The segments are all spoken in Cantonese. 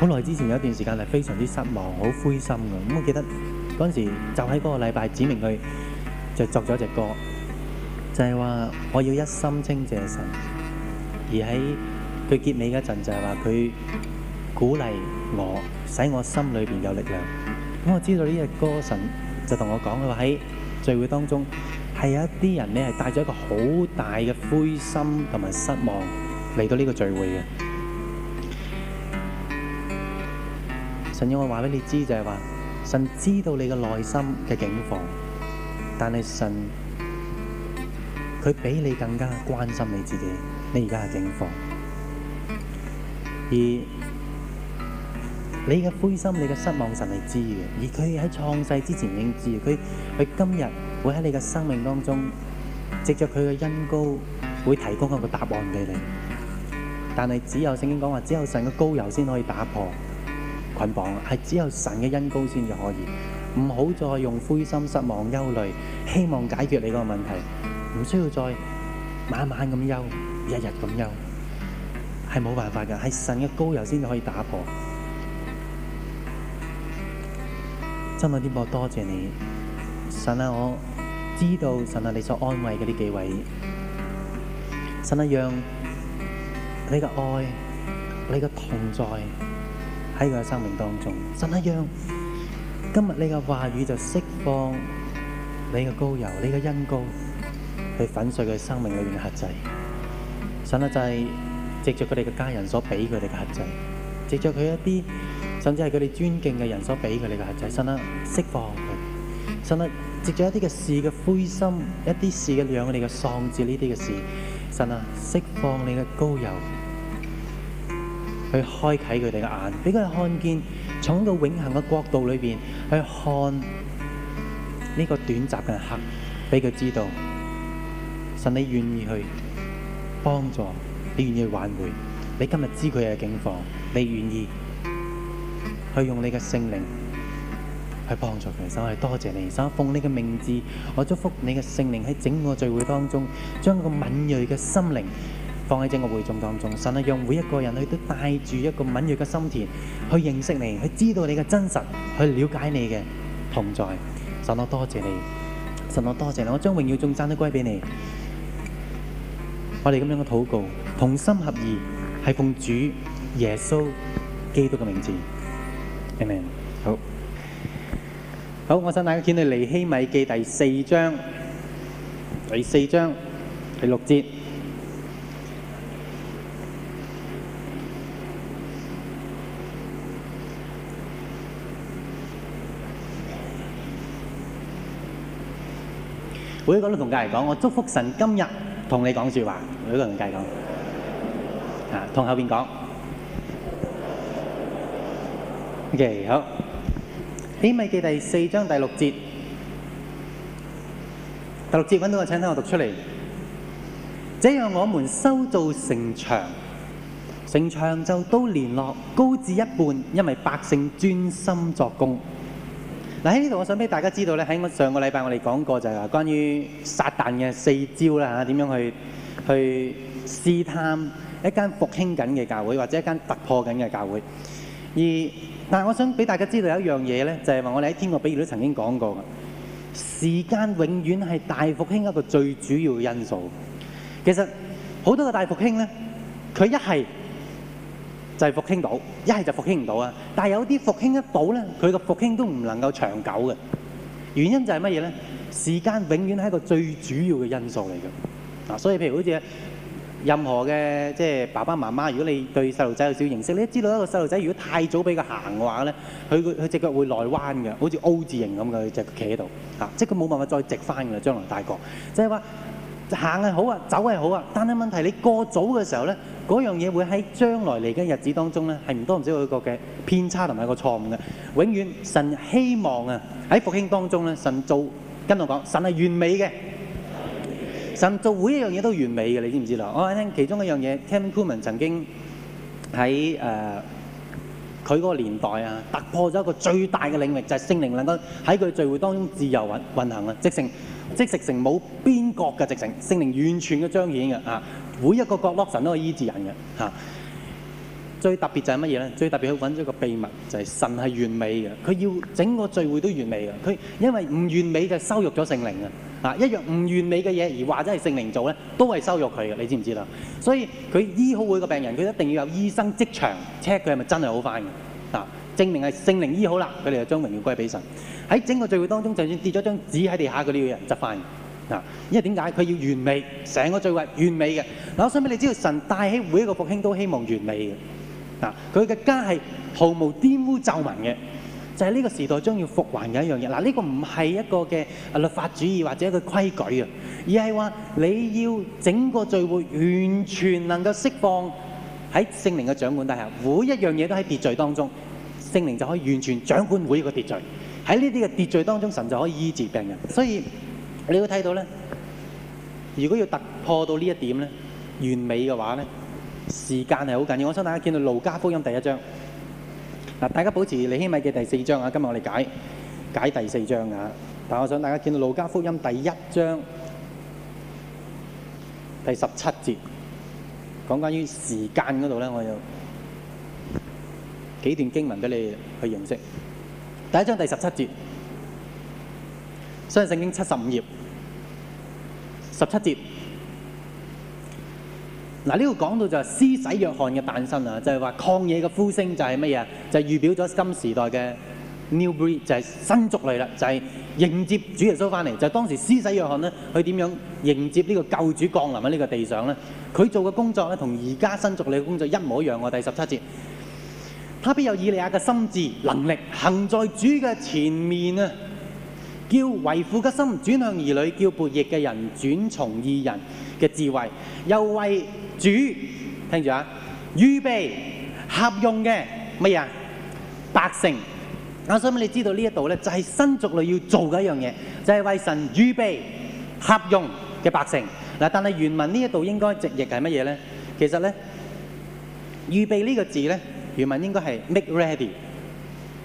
好耐之前有一段時間係非常之失望，好灰心嘅。咁我記得嗰陣時就喺嗰個禮拜指明佢就作咗隻歌，就係話我要一心稱謝神。而喺佢結尾嗰陣就係話佢鼓勵我，使我心裏邊有力量。咁我知道呢隻歌神就同我講佢話喺聚會當中係有一啲人咧係帶咗一個好大嘅灰心同埋失望嚟到呢個聚會嘅。神要我話俾你知就係、是、話，神知道你嘅內心嘅境況，但係神佢比你更加關心你自己，你而家嘅境況，而你嘅灰心、你嘅失望，神係知嘅，而佢喺創世之前已經知，佢佢今日會喺你嘅生命當中藉着佢嘅恩膏，會提供一個答案俾你，但係只有聖經講話，只有神嘅膏油先可以打破。捆綁係只有神嘅恩膏先至可以，唔好再用灰心、失望、憂慮，希望解決你嗰個問題，唔需要再晚晚咁憂，日日咁憂，係冇辦法嘅，係神嘅膏油先至可以打破。真愛天父，多謝你，神啊，我知道神啊，你所安慰嘅呢幾位，神啊，讓你嘅愛，你嘅同在。喺佢嘅生命當中，神啊，讓今日你嘅話語就釋放你嘅膏油，你嘅恩膏，去粉碎佢生命裏面嘅轄制。神啊，就係藉著佢哋嘅家人所俾佢哋嘅轄制，藉著佢一啲甚至係佢哋尊敬嘅人所俾佢哋嘅轄制，神啊，釋放佢，神啊，藉著一啲嘅事嘅灰心，一啲事嘅讓佢哋嘅喪志呢啲嘅事，神啊，釋放你嘅膏油。去開啟佢哋嘅眼，俾佢哋看見從到永恆嘅國度裏邊去看呢個短暫嘅黑，俾佢知道。神，你願意去幫助，你願意去挽回。你今日知佢嘅境況，你願意去用你嘅聖靈去幫助佢哋。神，我哋多謝你。神，奉你嘅名字，我祝福你嘅聖靈喺整個聚會當中，將個敏鋭嘅心靈。放喺整個會眾當中，神啊，讓每一個人佢都帶住一個敏鋭嘅心田去認識你，去知道你嘅真實，去了解你嘅同在。神，我多謝你，神，我多謝你，我將榮耀頌讚都歸俾你。我哋咁樣嘅禱告，同心合意，係奉主耶穌基督嘅名字。Amen。好，好，我哋帶住《尼希米記》第四章，第四章第六節。每個人同隔籬講，我祝福神今日同你講說話。每個人同隔籬講，啊，同後面講。O.K. 好，尼希米記第四章第六節。第六節揾到我請聽我讀出嚟。這樣我們修造城牆，城牆就都連絡高至一半，因為百姓專心作工。喺呢度我想俾大家知道咧，喺上個禮拜我哋講過就係話關於撒旦嘅四招啦嚇，點樣去去試探一間復興緊嘅教會或者一間突破緊嘅教會。但係我想俾大家知道有一樣嘢咧，就係話我哋喺天國比喻都曾經講過，時間永遠係大復興一個最主要因素。其實好多個大復興呢，佢一係。就係復興到，一係就復興唔到啊！但係有啲復興得到咧，佢個復興都唔能夠長久嘅。原因就係乜嘢咧？時間永遠係一個最主要嘅因素嚟嘅。嗱，所以譬如好似任何嘅即係爸爸媽媽，如果你對細路仔有少少認識，你都知道一個細路仔如果太早俾佢行嘅話咧，佢佢隻腳會內彎嘅，好似 O 字形咁嘅隻企喺度。嚇，即係佢冇辦法再直翻㗎喇，將來大個。即係話行係好啊，走係好啊，但係問題你過早嘅時候咧。嗰樣嘢會喺將來嚟緊日子當中咧，係唔多唔少有一個嘅偏差同埋個錯誤嘅。永遠神希望啊，喺復興當中咧，神做，跟我講，神係完美嘅。神做每一樣嘢都完美嘅，你知唔知道？我聽其中一樣嘢，Kathryn Kuhlman 曾經喺誒佢嗰個年代啊，突破咗一個最大嘅領域，就係、是、聖靈能夠喺佢聚會當中自由運運行啊！即成即直成冇邊角嘅直情，聖靈完全嘅彰顯嘅啊！每一個角落，神都可以醫治人嘅㗎、啊。最特別就係乜嘢咧？最特別去揾咗個秘密，就係、是、神係完美嘅。佢要整個聚會都完美嘅。佢因為唔完美就羞辱咗聖靈啊！啊，一樣唔完美嘅嘢而或者係聖靈做咧，都係羞辱佢嘅。你知唔知啦？所以佢醫好每個病人，佢一定要有醫生職場 check 佢係咪真係好翻嘅啊？證明係聖靈醫好啦，佢哋就將榮耀歸俾神。喺整個聚會當中，就算跌咗張紙喺地下，佢都要人執返。嗱，因為點解佢要完美，成個聚會完美嘅。嗱，我想畀你知道，知，要神帶起每一個復興，都希望完美嘅。嗱，佢嘅家係毫無玷污皺紋嘅，就係、是、呢個時代將要復還嘅一樣嘢。嗱，呢個唔係一個嘅律法主義或者一個規矩啊，而係話你要整個聚會完全能夠釋放喺聖靈嘅掌管底下，每一樣嘢都喺秩序當中，聖靈就可以完全掌管每一個秩序。喺呢啲嘅秩序當中，神就可以醫治病人。所以你會睇到咧，如果要突破到呢一點咧，完美嘅話咧，時間係好緊要。我想大家見到《路加福音》第一章。嗱，大家保持尼希米嘅第四章啊，今日我哋解解第四章啊。但係我想大家見到《路加福音》第一章第十七節，講關於時間嗰度咧，我有幾段經文俾你去認識。第一章第十七節，相信聖經七十五頁。十七節，嗱呢度講到就係施洗約翰嘅誕生啦，就係話曠野嘅呼聲就係乜嘢？就係預表咗新時代嘅 New Breed，就係新族類啦，就係迎接主耶穌返嚟。就當時施洗約翰呢，佢點樣迎接呢個救主降臨喺呢個地上呢？佢做嘅工作呢，同而家新族類嘅工作一模一樣。第十七節，他必有以利亞嘅心志能力，行在主嘅前面啊！叫為父嘅心轉向兒女，叫悖逆嘅人轉從義人嘅智慧，又為主聽住啊，預備合用嘅乜嘢？百姓，我想問你知道呢一度咧，就係新族類要做嘅一樣嘢，就係為神預備合用嘅百姓。嗱，但係原文呢一度應該直譯係乜嘢咧？其實咧，預備呢個字咧，原文應該係 make ready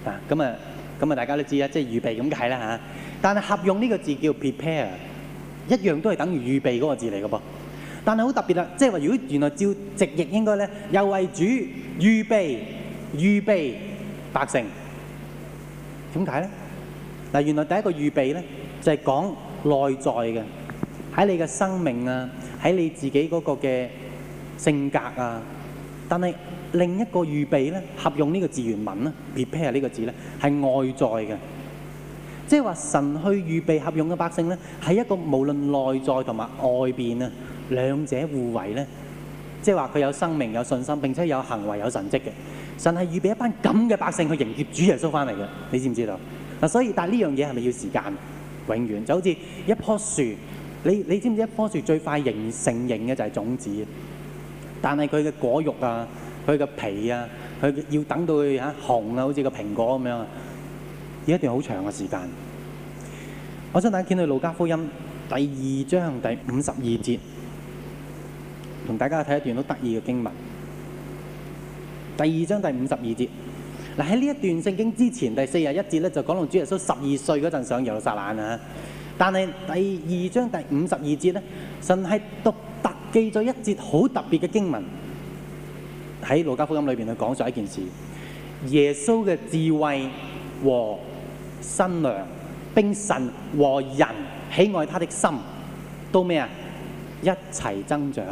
啊，咁啊，咁啊，大家都知啦，即係預備咁解啦嚇。但係合用呢個字叫 prepare，一樣都係等於預備嗰個字嚟嘅噃。但係好特別啦，即係話如果原來照直譯應該咧，又為主預備預備百姓，點解咧？嗱，原來第一個預備咧就係、是、講內在嘅，喺你嘅生命啊，喺你自己嗰個嘅性格啊。但係另一個預備咧，合用呢個字原文咧，prepare 呢個字咧係外在嘅。即係話神去預備合用嘅百姓咧，係一個無論內在同埋外邊啊兩者互為咧，即係話佢有生命、有信心，並且有行為、有神蹟嘅神係預備一班咁嘅百姓去迎接主耶穌翻嚟嘅，你知唔知道？嗱，所以但係呢樣嘢係咪要時間？永遠就好似一棵樹，你你知唔知一棵樹最快形成型嘅就係種子，但係佢嘅果肉啊、佢嘅皮啊、佢要等到佢嚇紅啊，好似個蘋果咁樣。有一段好長嘅時間，我想大家看到《路加福音》第二章第五十二節，同大家睇一段好得意嘅經文。第二章第五十二節，在喺呢一段聖經之前，第四十一節就講到主耶穌十二歲嗰陣上耶路撒冷，但係第二章第五十二節呢，神係獨特記咗一節好特別嘅經文，喺路加福音裏面去講述一件事，耶穌嘅智慧和。新娘、並神和人喜愛他的心，都咩啊？一齊增長。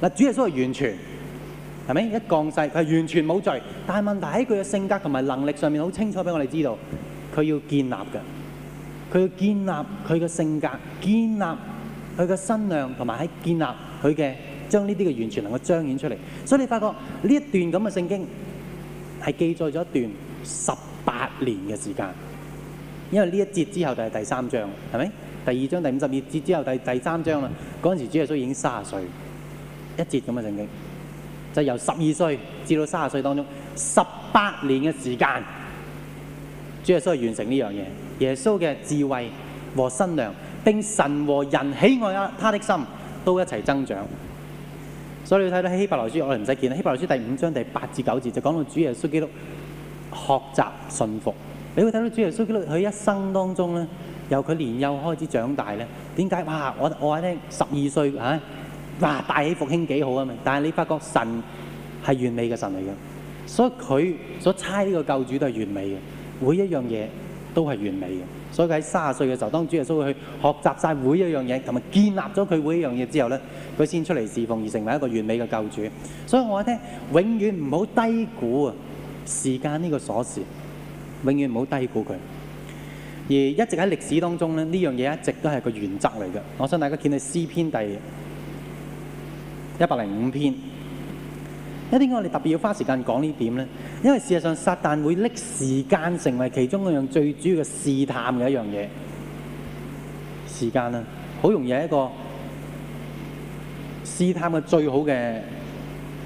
嗱，主耶穌係完全，係咪？一降世，佢係完全冇罪。但係問題喺佢嘅性格同埋能力上面，好清楚俾我哋知道，佢要建立嘅，佢要建立佢嘅性格，建立佢嘅身量，同埋喺建立佢嘅，將呢啲嘅完全能夠彰顯出嚟。所以你發覺呢一段咁嘅聖經，係記載咗一段十八年嘅時間。因為呢一節之後就係第三章，係咪？第二章第五十二節之後第第三章啦。嗰陣時候，主耶穌已經三十歲，一節咁嘅聖經，由十二歲至到三十歲當中十八年嘅時間，主耶穌係完成呢樣嘢。耶穌嘅智慧和身量，並神和人喜愛他的心都一齊增長。所以你要睇到希伯來書我哋唔使見。希伯來書第五章第八至九節就講到主耶穌基督學習信服。你會睇到主耶穌喺一生當中咧，由佢年幼開始長大咧，點解？哇！我我話聽十二歲嚇，哇！大起復興幾好啊嘛！但係你發覺神係完美嘅神嚟嘅，所以佢所差呢個救主都係完美嘅，每一樣嘢都係完美嘅。所以佢喺卅歲嘅時候，當主耶穌去學習晒每一樣嘢，同埋建立咗佢每一樣嘢之後咧，佢先出嚟侍奉而成為一個完美嘅救主。所以我話聽，永遠唔好低估啊時間呢個鎖匙。永遠唔好低估佢，而一直喺歷史當中咧，呢樣嘢一直都係個原則嚟嘅。我想大家見到《詩篇》第一百零五篇，點解我哋特別要花時間講呢點呢？因為事實上撒旦會搦時間成為其中一樣最主要嘅試探嘅一樣嘢。時間呢、啊，好容易係一個試探嘅最好嘅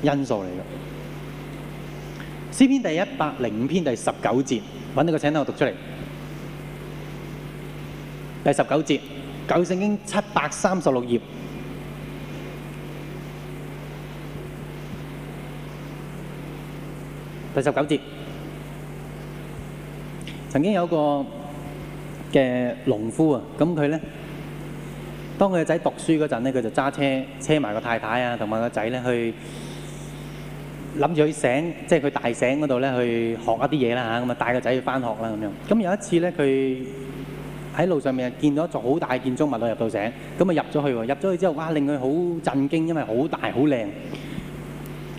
因素嚟嘅。《詩篇》第一百零五篇第十九節。揾呢個請單，我讀出嚟。第十九節，舊聖經七百三十六頁。第十九節，曾經有一個嘅農夫啊，咁佢咧，當佢個仔讀書嗰陣咧，佢就揸車車埋個太太啊，同埋個仔咧去。諗住去醒，即係佢大醒嗰度咧，去學一啲嘢啦吓，咁啊帶個仔去翻學啦咁樣。咁有一次咧，佢喺路上面見到一座好大嘅建築物咯，入到醒，咁啊入咗去喎，入咗去之後，哇令佢好震驚，因為好大好靚，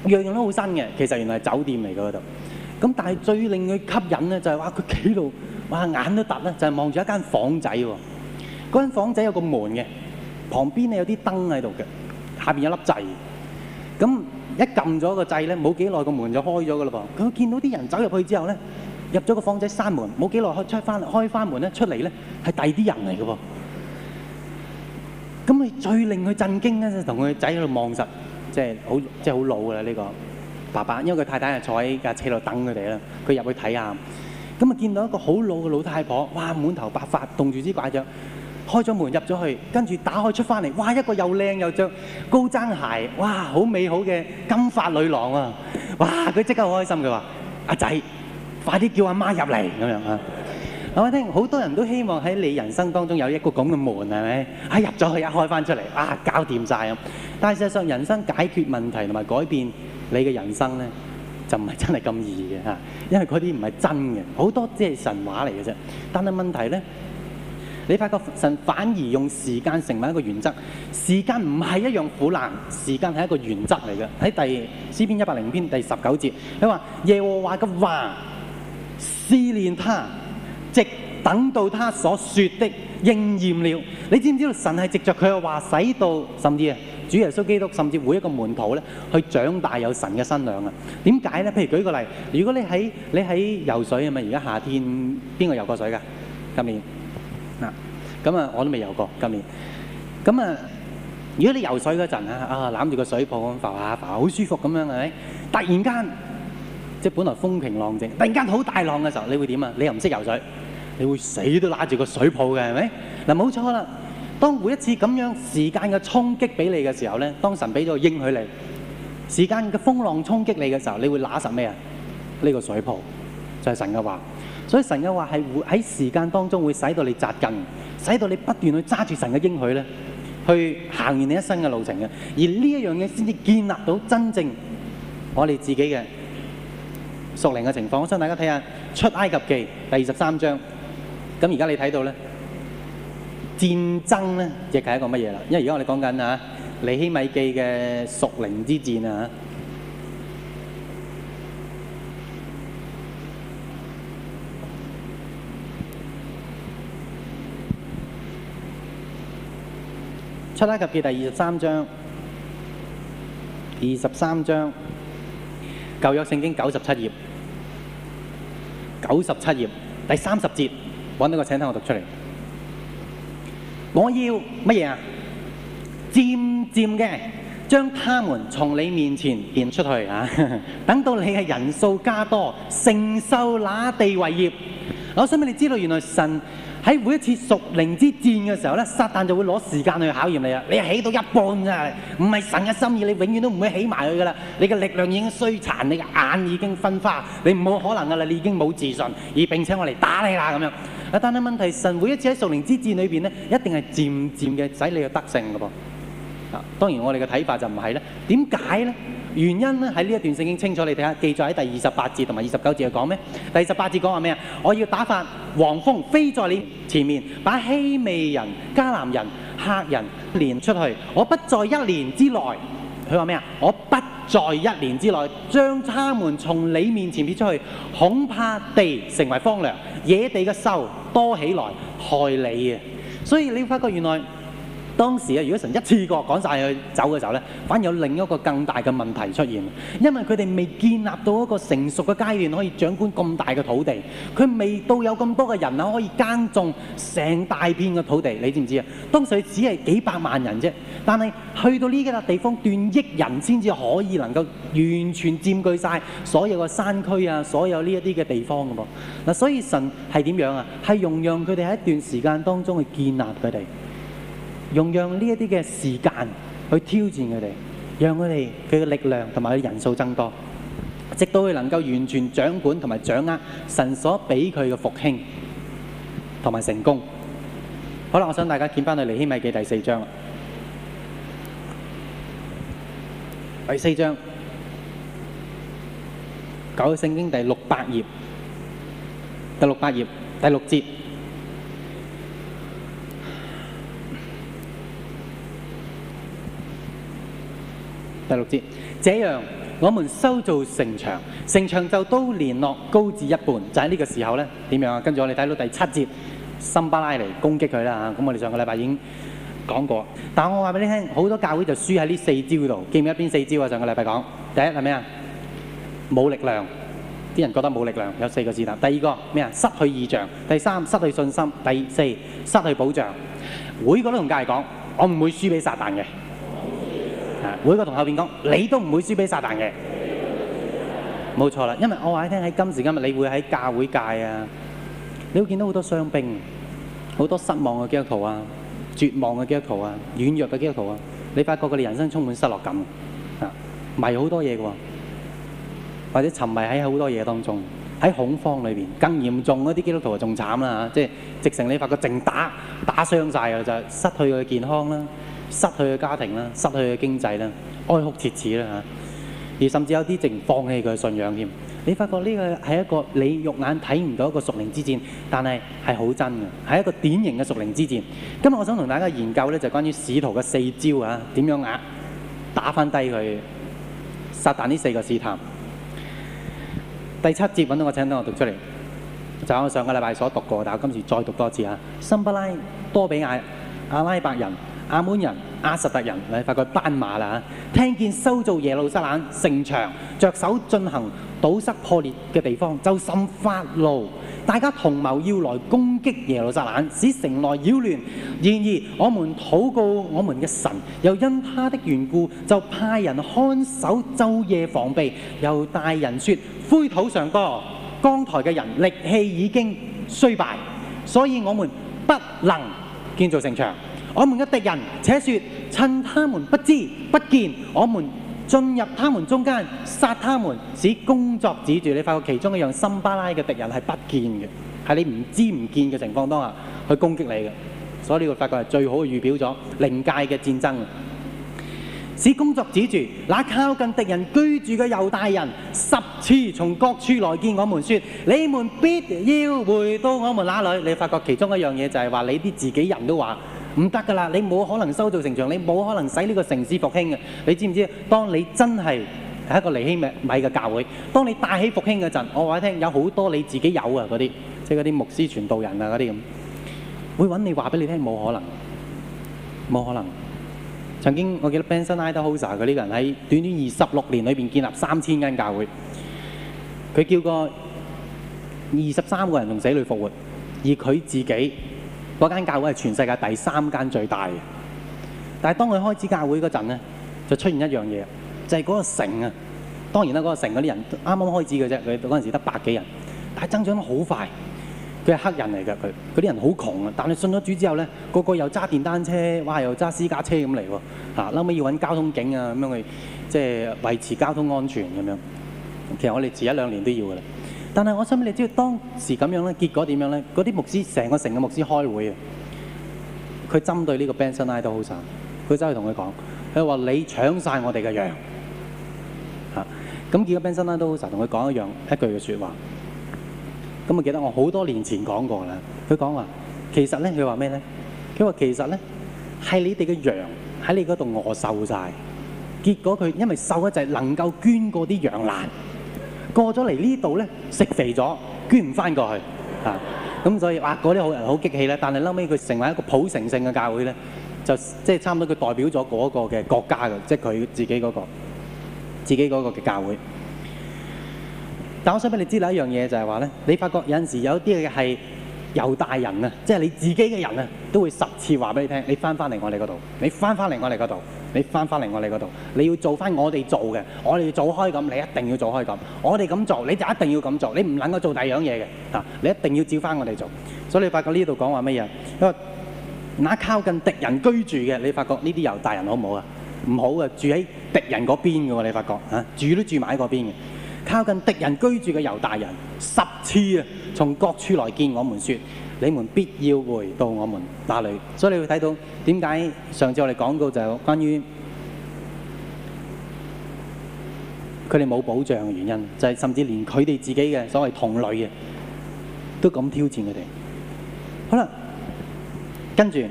樣樣都好新嘅。其實原來係酒店嚟嘅嗰度。咁但係最令佢吸引咧，就係話佢企到，哇，哇眼都突啦，就係望住一間房仔喎。嗰間房仔有個門嘅，旁邊咧有啲燈喺度嘅，下邊有粒掣。咁一撳咗個掣咧，冇幾耐個門就開咗嘅嘞噃。佢見到啲人走入去之後咧，入咗個房仔閂門，冇幾耐開出翻開翻門咧，出嚟咧係第二啲人嚟嘅噃。咁佢最令佢震驚咧，就同佢仔喺度望實，即係好即係好老啦呢個爸爸，因為佢太太啊坐喺架車度等佢哋啦。佢入去睇下，咁啊見到一個好老嘅老太婆，哇，滿頭白髮，棟住支拐杖。開咗門入咗去，跟住打開出翻嚟，哇！一個又靚又著高踭鞋，哇！好美好嘅金髮女郎啊！哇！佢即刻好開心，佢話：阿仔，快啲叫阿媽入嚟咁樣啊！我聽，好多人都希望喺你人生當中有一個咁嘅門，係咪？一入咗去一，開翻出嚟啊，搞掂曬咁。但係事實上，人生解決問題同埋改變你嘅人生咧，就唔係真係咁易嘅嚇，因為嗰啲唔係真嘅，好多即係神話嚟嘅啫。但係問題咧。你發覺神反而用時間成為一個原則，時間唔係一樣苦難，時間係一個原則嚟嘅。喺第詩篇一百零五篇第十九節，他說，佢話耶和華嘅話，思念他，直等到他所說的應驗了。你知唔知道神係藉著佢話使到，甚至主耶穌基督，甚至每一個門徒去長大有神嘅身量啊？點解呢？譬如舉個例，如果你喺你喺游水啊嘛，而家夏天邊個游過水㗎？今年？嗱，咁啊，我都未游過今年。咁啊，如果你游水嗰陣啊，啊攬住個水泡咁浮下浮，好舒服咁樣係咪？突然間，即係本來風平浪靜，突然間好大浪嘅時候，你會點啊？你又唔識游水，你會死都揦住個水泡嘅係咪？嗱，冇錯啦。當每一次咁樣時間嘅衝擊俾你嘅時候咧，當神俾咗個應許你，時間嘅風浪衝擊你嘅時候，你會揦神咩啊？呢個水泡就係神嘅話。所以神嘅話係會喺時間當中會使到你扎根，使到你不斷去揸住神嘅應許去行完你一生嘅路程嘅。而呢一樣嘢先至建立到真正我哋自己嘅屬靈嘅情況。我想大家睇下出埃及記第二十三章，咁而家你睇到呢戰爭呢，亦係一個乜嘢啦？因為而家我哋講緊啊尼希米記嘅屬靈之戰啊。出埃及記第二十三章，二十三章舊約聖經九十七頁，九十七頁第三十節，搵到個請聽我讀出嚟。我要乜嘢啊？漸漸嘅將他們從你面前變出去啊！等到你嘅人數加多，承受那地為業。我想俾你知道，原來神。喺每一次屬靈之戰嘅時候，撒旦就會攞時間去考驗你啊！你係起到一半啊，唔係神嘅心意，你永遠都唔會起埋佢㗎喇。你嘅力量已經衰殘，你嘅眼已經昏花，你冇可能噶喇。你已經冇自信，而並且我嚟打你啦咁樣啊！但係問題是，神每一次喺屬靈之戰裏面呢，一定係漸漸嘅使你嘅得勝噶噃啊！當然我哋嘅睇法就唔係咧，點解呢？原因咧喺呢一段聖經清楚，你睇下記載喺第二十八節同埋二十九節佢講咩？第二十八節講話咩？我要打發黃蜂飛在你前面，把希未人、迦南人、客人連出去。我不在一年之內，佢話咩啊？我不在一年之內將他們從你面前撇出去，恐怕地成為荒涼，野地嘅獸多起來害你。所以你會發覺原來。當時，如果神一次過趕曬佢走嘅時候呢，反而有另一個更大嘅問題出現。因為佢哋未建立到一個成熟嘅階段，可以掌管咁大嘅土地。佢未到有咁多嘅人可以耕種成大片嘅土地。你知唔知道當時佢只係幾百萬人啫。但係去到呢個地方，斷億人先至可以能夠完全佔據曬所有嘅山區啊，所有呢啲嘅地方嘅、啊、噃所以神係點樣啊？係容讓佢哋喺一段時間當中去建立佢哋。用呢啲嘅時間去挑戰佢哋，讓佢哋嘅力量同埋人數增多，直到佢能夠完全掌管同埋掌握神所畀佢嘅復興同埋成功。好啦，我想大家見返去尼希米記第四章。第四章，舊聖經第六百頁，第六百頁，第六節。第六節，這樣我們修造城牆，城牆就都連絡高至一半。就喺呢個時候呢，點樣啊？跟住我哋睇到第七節，參巴拉嚟攻擊佢啦嚇。咁我哋上個禮拜已經講過，但係我話俾你聽，好多教會就輸喺呢四招度。記唔記得邊四招啊？上個禮拜講第一係咩啊？冇力量，啲人覺得冇力量。有四個字啦。第二個咩啊？失去異象。第三失去信心。第四失去保障。每個都同教會講，我唔會輸俾撒旦嘅。每個同後邊講，你都唔會輸俾撒旦嘅，冇錯啦。因為我話你聽喺今時今日，你會喺教會界啊，你會見到好多傷兵，好多失望嘅基督徒啊，絕望嘅基督徒啊，軟弱嘅基督徒啊，你發覺佢哋人生充滿失落感啊，迷好多嘢嘅喎，或者沉迷喺好多嘢當中，喺恐慌裏邊。更嚴重嗰啲基督徒啊，仲慘啦嚇，即係直情你發覺淨打打傷曬啊，就失去佢嘅健康啦。失去嘅家庭啦，失去嘅經濟啦，哀哭切齒啦，而甚至有啲淨放棄佢信仰添。你發覺呢個係一個你肉眼睇唔到一個屬靈之戰，但係係好真嘅，係一個典型嘅屬靈之戰。今日我想同大家研究的就是、關於使徒嘅四招啊，點樣壓打翻低佢撒但呢四個試探。第七節揾到，我請等我讀出嚟，就是、我上個禮拜所讀過，但我今次再讀多次啊。參巴拉、多比亞、阿拉伯人。亞捫人、亞實突人，你發覺斑馬啦嚇！聽見修造耶路撒冷城牆，着手進行堵塞破裂嘅地方，就甚發怒，大家同謀要來攻擊耶路撒冷，使城內擾亂。然而我們禱告我們嘅神，又因他的緣故，就派人看守，晝夜防備。猶大人説：灰土尚多，扛抬嘅人力氣已經衰敗，所以我們不能建造城牆。我們嘅敵人，且說趁他們不知不見，我們進入他們中間殺他們，使工作止住。你發覺其中一樣，參巴拉嘅敵人係不見嘅，係你唔知唔見嘅情況當下，去攻擊你嘅。所以你會發覺係最好預表咗靈界嘅戰爭。使工作止住，那靠近敵人居住嘅猶大人十次從各處來見我們，說你們必要回到我們那裏？你發覺其中一樣嘢就係話，你啲自己人都話。唔得噶啦！你冇可能修造城牆，你冇可能使呢個城市復興嘅。你知唔知？當你真係一個尼希米嘅教會，當你帶起復興嗰陣，我話你聽，有好多你自己有啊嗰啲，即係嗰啲牧師傳道人啊嗰啲咁，會揾你話俾你聽，冇可能，冇可能。曾經我記得 Benson Idahosa 呢個人喺短短二十六年裏面建立三千間教會，佢叫過二十三個人從死裏復活，而佢自己。嗰間教會係全世界第三間最大嘅，但係當佢開始教會嗰陣咧，就出現一樣嘢，就係、是、嗰個城啊。當然啦，嗰、那個城嗰啲人啱啱開始嘅啫，佢嗰陣時得百幾人，但係增長得好快。佢係黑人嚟㗎，佢啲人好窮啊。但係信咗主之後咧，個個又揸電單車，哇，又揸私家車咁嚟喎。嚇，後尾要揾交通警啊，咁樣去即係、就是、維持交通安全咁樣。其實我哋遲一兩年都要㗎啦。但係我想問你，知道當時咁樣呢，結果點樣呢？嗰啲牧師成個城嘅牧師開會他他他他啊，佢針對呢個 b e n s i n a i 都好神，佢走去同佢講，佢話你搶晒我哋嘅羊啊！結果 b e n s o n a i 都好神，同佢講一樣一句嘅説話。咁我記得我好多年前講過啦。佢講話，其實呢，佢話咩呢？佢話其實呢，係你哋嘅羊喺你嗰度餓瘦晒。」結果佢因為瘦一陣，能夠捐過啲羊欄。過咗嚟呢度咧，食肥咗，捐唔翻過去啊！咁所以哇，嗰啲好人好激氣啦。但係後屘佢成為一個普城性嘅教會咧，就即係、就是、差唔多佢代表咗嗰個嘅國家嘅，即係佢自己嗰、嗰個自己嗰個嘅教會。但我想俾你知道，一樣嘢就係話咧，你發覺有陣時有啲嘅係猶大人啊，即、就、係、是、你自己嘅人啊，都會十次話俾你聽，你翻翻嚟我哋嗰度，你翻翻嚟我哋嗰度。你翻翻嚟我哋嗰度，你要做翻我哋做嘅，我哋要做開咁，你一定要做開咁。我哋咁做，你就一定要咁做，你唔能夠做第二樣嘢嘅吓，你一定要照翻我哋做。所以你發覺呢度講話乜嘢？因為嗱，靠近敵人居住嘅，你發覺呢啲猶大人好唔好啊？唔好啊，住喺敵人嗰邊嘅喎，你發覺、啊、住都住埋喺嗰邊嘅。靠近敵人居住嘅猶大人十次啊，從各處來見我們說你們必要回到我們那裡，所以你會睇到點解上次我哋講過就係關於佢哋冇保障嘅原因，就係、是、甚至連佢哋自己嘅所謂同類嘅都敢挑戰佢哋。好喇，跟住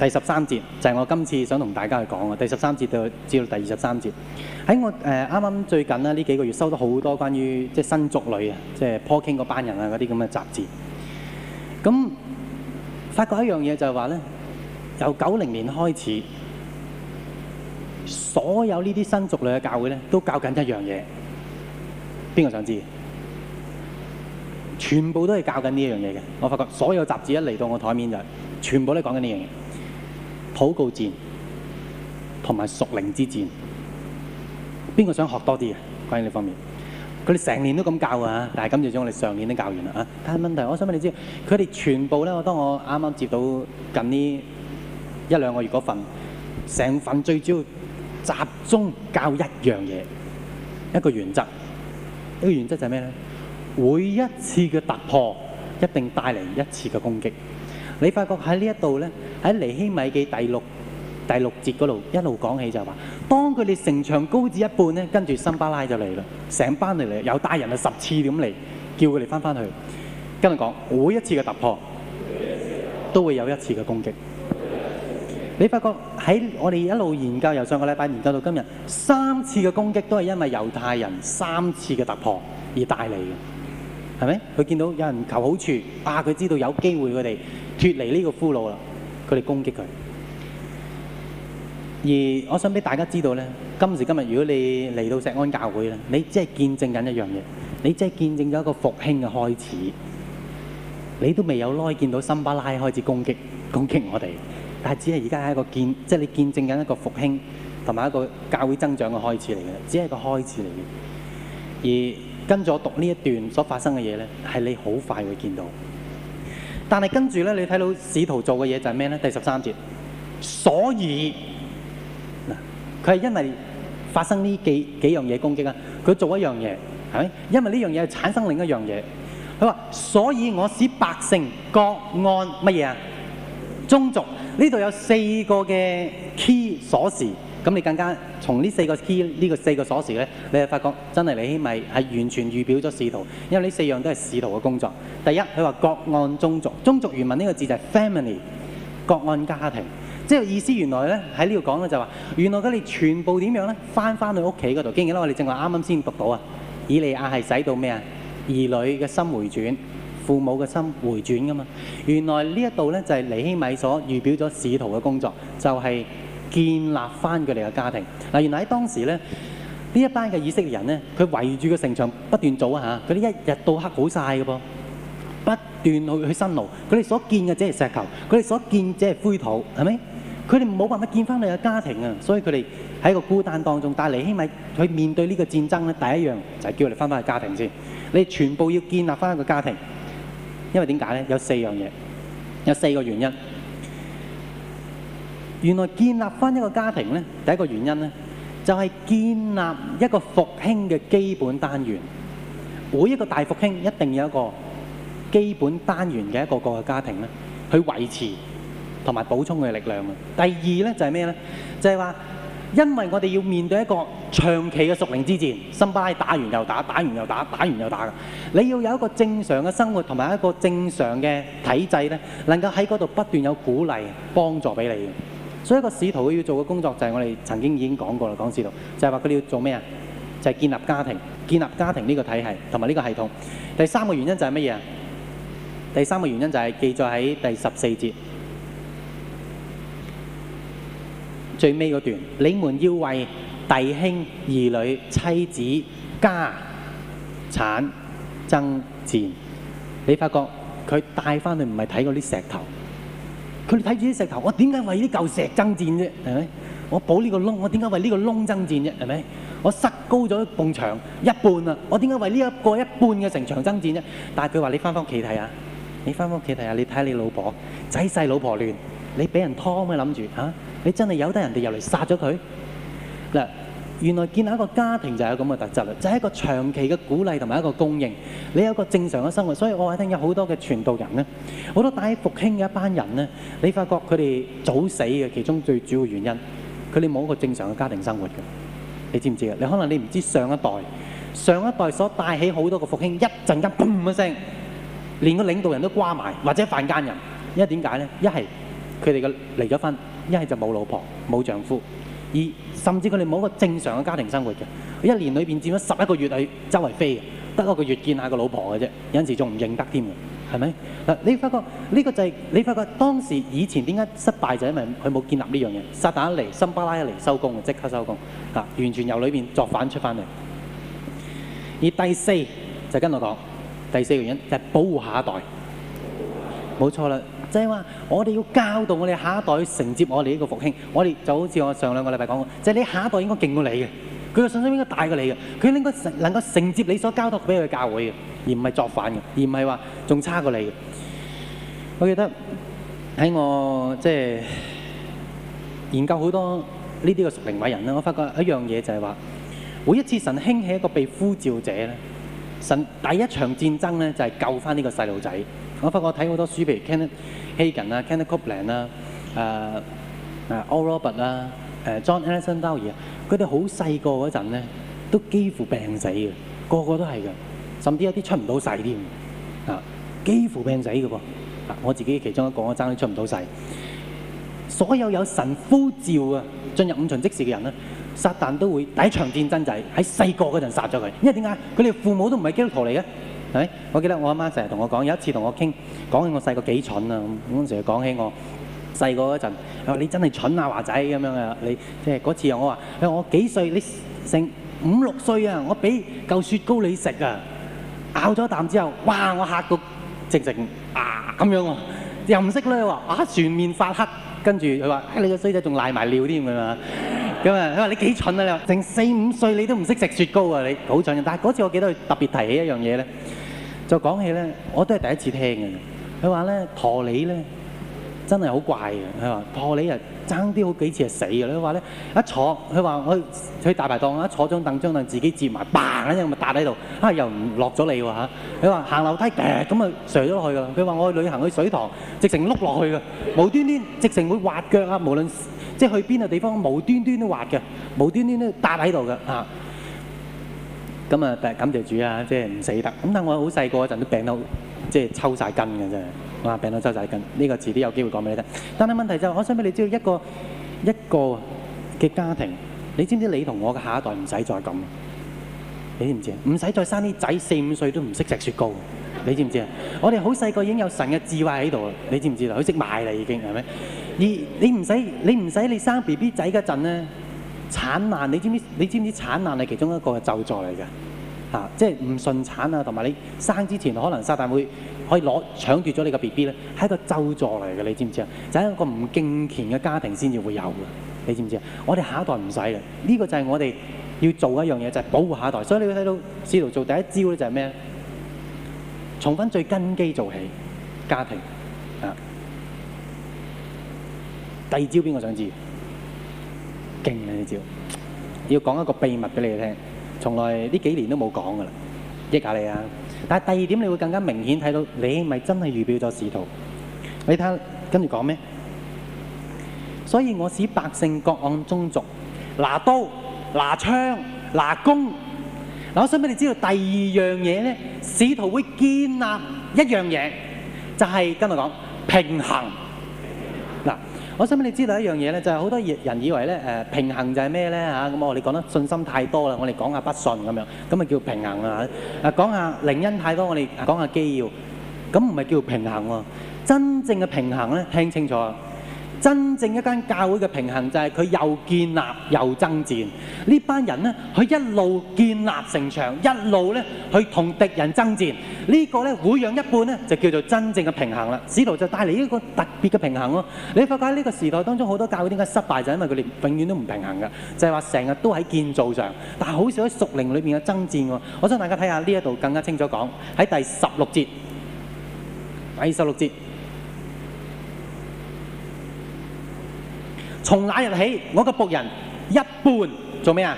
第十三節就係、是、我今次想同大家去講嘅第十三節到至到第二十三節。喺我啱啱、呃、最近呢幾個月收到好多關於即係新族女嘅，即係 Poking 嗰班人啊，嗰啲咁嘅雜誌。咁發覺一樣嘢就係話咧，由九零年開始，所有呢啲新族類嘅教會呢都教緊一樣嘢。邊個想知道？全部都係教緊呢一樣嘢嘅。我發覺所有雜誌一嚟到我台面就，全部都講緊呢樣嘢：禱告戰同埋屬靈之戰。邊個想學多啲？關於呢方面。佢哋成年都咁教啊，但係今次將我哋上年都教完啦但係問題，我想問你知佢哋全部呢我當我啱啱接到近呢一兩個月嗰份成份，整份最主要集中教一樣嘢一個原則。一個原則就係咩呢？每一次嘅突破一定帶嚟一次嘅攻擊。你發覺喺呢裏度咧，喺尼希米記第六。第六節嗰度一路講起就話，當佢哋城牆高至一半咧，跟住辛巴拉就嚟啦，成班嚟嚟，猶大人啊十次咁嚟，叫佢哋翻翻去。跟住講，每一次嘅突破都會有一次嘅攻擊。你發覺喺我哋一路研究，由上個禮拜研究到今日，三次嘅攻擊都係因為猶太人三次嘅突破而帶嚟嘅，係咪？佢見到有人求好處，啊！佢知道有機會佢哋脫離呢個俘虜啦，佢哋攻擊佢。而我想俾大家知道咧，今時今日如果你嚟到石安教會咧，你即係見證緊一樣嘢，你即係見證咗一個復興嘅開始。你都未有耐見到參巴拉開始攻擊攻擊我哋，但係只係而家係一個見即係你見證緊一個復興同埋一個教會增長嘅開始嚟嘅，只係個開始嚟嘅。而跟住我讀呢一段所發生嘅嘢咧，係你好快會見到。但係跟住咧，你睇到使徒做嘅嘢就係咩咧？第十三節，所以。佢係因為發生呢幾幾樣嘢攻擊啊！佢做一樣嘢，係咪？因為呢樣嘢係產生另一樣嘢。佢話：所以我使百姓各按乜嘢啊？宗族，呢度有四個嘅 key 鎖匙，咁你更加從呢四個 key 呢個四個鎖匙呢，你就發覺真係尼希米係完全預表咗使徒，因為呢四樣都係使徒嘅工作。第一，佢話各按宗族，宗族原文呢個字就係 family，各按家庭。即係意思原來咧喺呢度講嘅就話、是、原來佢哋全部點樣咧翻返去屋企嗰度，竟然咧我哋正話啱啱先讀到啊！以利亞係使到咩啊？兒女嘅心回轉，父母嘅心回轉噶嘛？原來這裏呢一度咧就係、是、尼希米所預表咗使徒嘅工作，就係、是、建立翻佢哋嘅家庭嗱。原來喺當時咧，呢一班嘅以色列人咧，佢圍住個城牆不斷做啊，佢哋一日到黑好晒嘅噃，不斷去去辛勞。佢哋所見嘅只係石頭，佢哋所見只係灰土，係咪？佢哋冇辦法見返你的家庭啊，所以佢哋喺一個孤單當中帶嚟。但你起碼去面對呢個戰爭，第一樣就係叫你哋翻家庭先。你全部要建立返一個家庭，因為點解呢？有四樣嘢，有四個原因。原來建立返一個家庭呢，第一個原因呢，就係、是、建立一個復興嘅基本單元。每一個大復興一定要有一個基本單元嘅一個個家庭去維持。同埋補充佢力量。第二呢，就係咩呢？就係話，因為我哋要面對一個長期嘅屬靈之戰，參巴拉打完又打，打完又打，打完又打嘅。你要有一個正常嘅生活，同埋一個正常嘅體制呢，能夠喺嗰度不斷有鼓勵幫助俾你嘅。所以一個使徒要做嘅工作就係我哋曾經已經講過啦，講使徒就係話佢哋要做咩啊？就係建立家庭，建立家庭呢個體系同埋呢個系統。第三個原因就係乜嘢啊？第三個原因就係記載喺第十四節。最尾嗰段，你們要為弟兄、兒女、妻子、家產爭戰。你發覺佢帶返去唔係睇嗰啲石頭，佢睇住啲石頭。我點解為呢嚿石爭戰啫？係咪？我補呢個窿，我點解為呢個窿爭戰啫？係咪？我塞高咗一埲牆一半啊！我點解為呢一個一半嘅城牆爭戰啫？但係佢話：你返返屋企睇下，你返返屋企睇下，你睇下你老婆仔細老婆亂。你俾人劏嘅諗住，你真係有得人哋入嚟殺咗佢。原來建立一個家庭就有咁嘅特質啦，就係一個長期嘅鼓勵同埋一個供應。你有一個正常嘅生活，所以我話聽有好多嘅傳道人呢，好多帶起復興嘅一班人呢，你發覺佢哋早死嘅其中最主要原因，佢哋冇一個正常嘅家庭生活嘅。你知唔知啊？你可能你唔知道上一代上一代所帶起好多個復興，一陣間砰一聲，連個領導人都瓜埋或者犯奸人，因為點解呢？一係。佢哋嘅離咗婚，一係就冇老婆冇丈夫，二，甚至佢哋冇一個正常嘅家庭生活嘅。一年裏面佔只有十一個月係周圍飛嘅，得一個月見下個老婆嘅啫，有陣時仲唔認得添嘅，係咪？你發覺呢個就係、是、你發覺當時以前點解失敗就係、是、因為佢冇建立呢樣嘢。撒旦嚟，辛巴拉嚟，收工，即刻收工，完全由裏面作反出翻嚟。而第四就是、跟我講，第四個原因就係保護下一代，冇錯啦。即係話，我哋要教導我哋下一代去承接我哋呢個復興。我哋就好似我上兩個禮拜講過，即係你下一代應該勁過你嘅，佢嘅信心應該大過你嘅，佢應該能夠承接你所交託俾佢嘅教會，而唔係作反嘅，而唔係話仲差過你嘅。我記得喺我即係研究好多呢啲嘅屬靈偉人咧，我發覺一樣嘢就係話，每一次神興起一個被呼召者咧，神第一場戰爭咧就係救翻呢個細路仔。我發覺我睇好多書，譬如 Kenneth Hagin 啦、Kenneth Copeland 啦、uh,、誒 Oral Roberts 啦、uh,、誒 John Allison Dowie 啊，佢哋好細個嗰陣咧，都幾乎病死嘅，個個都係嘅，甚至有啲出唔到世添啊，幾乎病死嘅噃啊！我自己其中一個，我爭啲出唔到世。所有有神呼召啊，進入五旬節時嘅人咧，撒旦都會第一場戰爭就喺細個嗰陣殺咗佢，因為點解？佢哋父母都唔係基督徒嚟嘅。誒，我記得我阿媽成日同我講，有一次同我傾，講起我細個幾蠢啊！咁嗰陣時講起我細個嗰陣，佢話你真係蠢啊，華仔咁樣嘅，你即係嗰次我話，我幾歲？你成五六歲啊，我俾嚿雪糕你食啊，咬咗啖之後，哇！我嚇到直直牙咁樣喎，又唔識咧話，哇！全面發黑，跟住佢話，你個衰仔仲瀨埋尿添㗎嘛？咁啊，佢話你幾蠢啊？你話成四五歲你都唔識食雪糕啊？你好蠢！但係嗰次我記得佢特別提起一樣嘢咧。就講起咧，我都係第一次聽嘅。佢話咧，陀你咧真係好怪嘅。佢話陀你啊，爭啲好幾次係死嘅。佢話咧，一坐，佢話佢去大排檔，一坐張凳，張凳自己折埋嘭一樣咪搭喺度。啊，又唔落咗嚟喎。佢話行樓梯嘅咁啊，錘咗落去㗎。佢話我去旅行去水塘，直情碌落去嘅，無端端直情會滑腳啊！無論即係去邊個地方，無端端都滑嘅，無端端都搭喺度嘅。咁啊，但係感謝主啊，即係唔死得。咁但係我好細個嗰陣都病到，即係抽晒筋嘅啫。哇，病到抽晒筋，呢個遲啲有機會講俾你聽。但係問題就係，我想俾你知道一個一個嘅家庭，你知唔知你同我嘅下一代唔使再咁？你知唔知啊？唔使再生啲仔，四五歲都唔識食雪糕。你知唔知啊？我哋好細個已經有神嘅智慧喺度啦。你知唔知啊？佢識買啦，已經係咪？而你唔使，你唔使你生 B B 仔嗰陣咧，產難，你知唔知？你知唔知產難係其中一個嘅咒詛嚟嘅？嚇、啊，即係唔順產啊，同埋你生之前可能撒旦會可以攞搶奪咗你個 B B 咧，係一個咒詛嚟嘅，你知唔知啊？就係、是、一個唔敬虔嘅家庭先至會有嘅，你知唔知啊？我哋下一代唔使啦，呢、這個就係我哋要做的一樣嘢，就係、是、保護下一代。所以你睇到使徒做第一招咧，就係咩？從翻最根基做起，家庭啊。第二招邊個想知？勁啊！你知要講一個秘密俾你聽，從來呢幾年都冇講噶啦，益下你啊！但係第二點，你會更加明顯睇到你咪真係預表咗使徒。你睇下跟住講咩？所以我使百姓各按宗族拿刀拿槍拿弓。嗱，我想俾你知道第二樣嘢咧，使徒會建立一樣嘢，就係跟我講平衡。我想畀你知道一樣嘢咧，就係好多人以為呢平衡就係咩咧？嚇，咁我哋講得信心太多啦，我哋講下不信咁樣，咁啊咪叫平衡啊，講下靈恩太多，我哋講下基要，咁唔係叫平衡喎，真正嘅平衡咧，聽清楚啊！真正一間教會嘅平衡就係佢又建立又爭戰。呢班人呢，佢一路建立城牆，一路呢去同敵人爭戰。呢個呢，會讓一半呢，就叫做真正嘅平衡啦。使徒就帶嚟一個特別嘅平衡喎。你發覺喺呢個時代當中好多教會點解失敗就係因為佢哋永遠都唔平衡嘅，就係話成日都喺建造上，但係好少喺屬靈裏面嘅爭戰喎。我想大家睇下呢一度更加清楚講喺第十六節，喺十六節。從那日起，我的僕人一半做咩呀？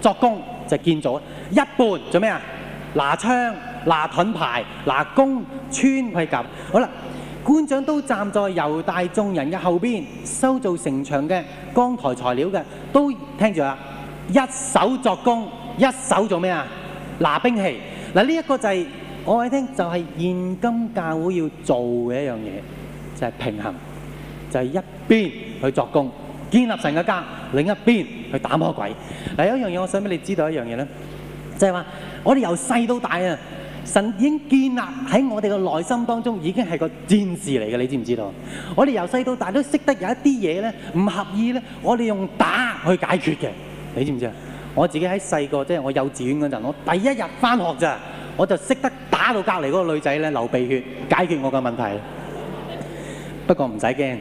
做工，就建造一半做咩呀？拿槍，拿盾牌，拿弓，穿盔甲。建立神嘅家，另一邊去打魔鬼。第一樣嘢，我想俾你知道一樣嘢咧，就係話我哋由細到大啊，神已經建立喺我哋嘅內心當中，已經係個戰士嚟嘅，你知唔知道？我哋由細到大都識得有一啲嘢咧，唔合意咧，我哋用打去解決嘅。你知唔知啊？我自己喺細個，即係我幼稚園嗰陣，我第一日翻學咋，我就識得打到隔離嗰個女仔咧流鼻血解決我嘅問題。不過唔使驚。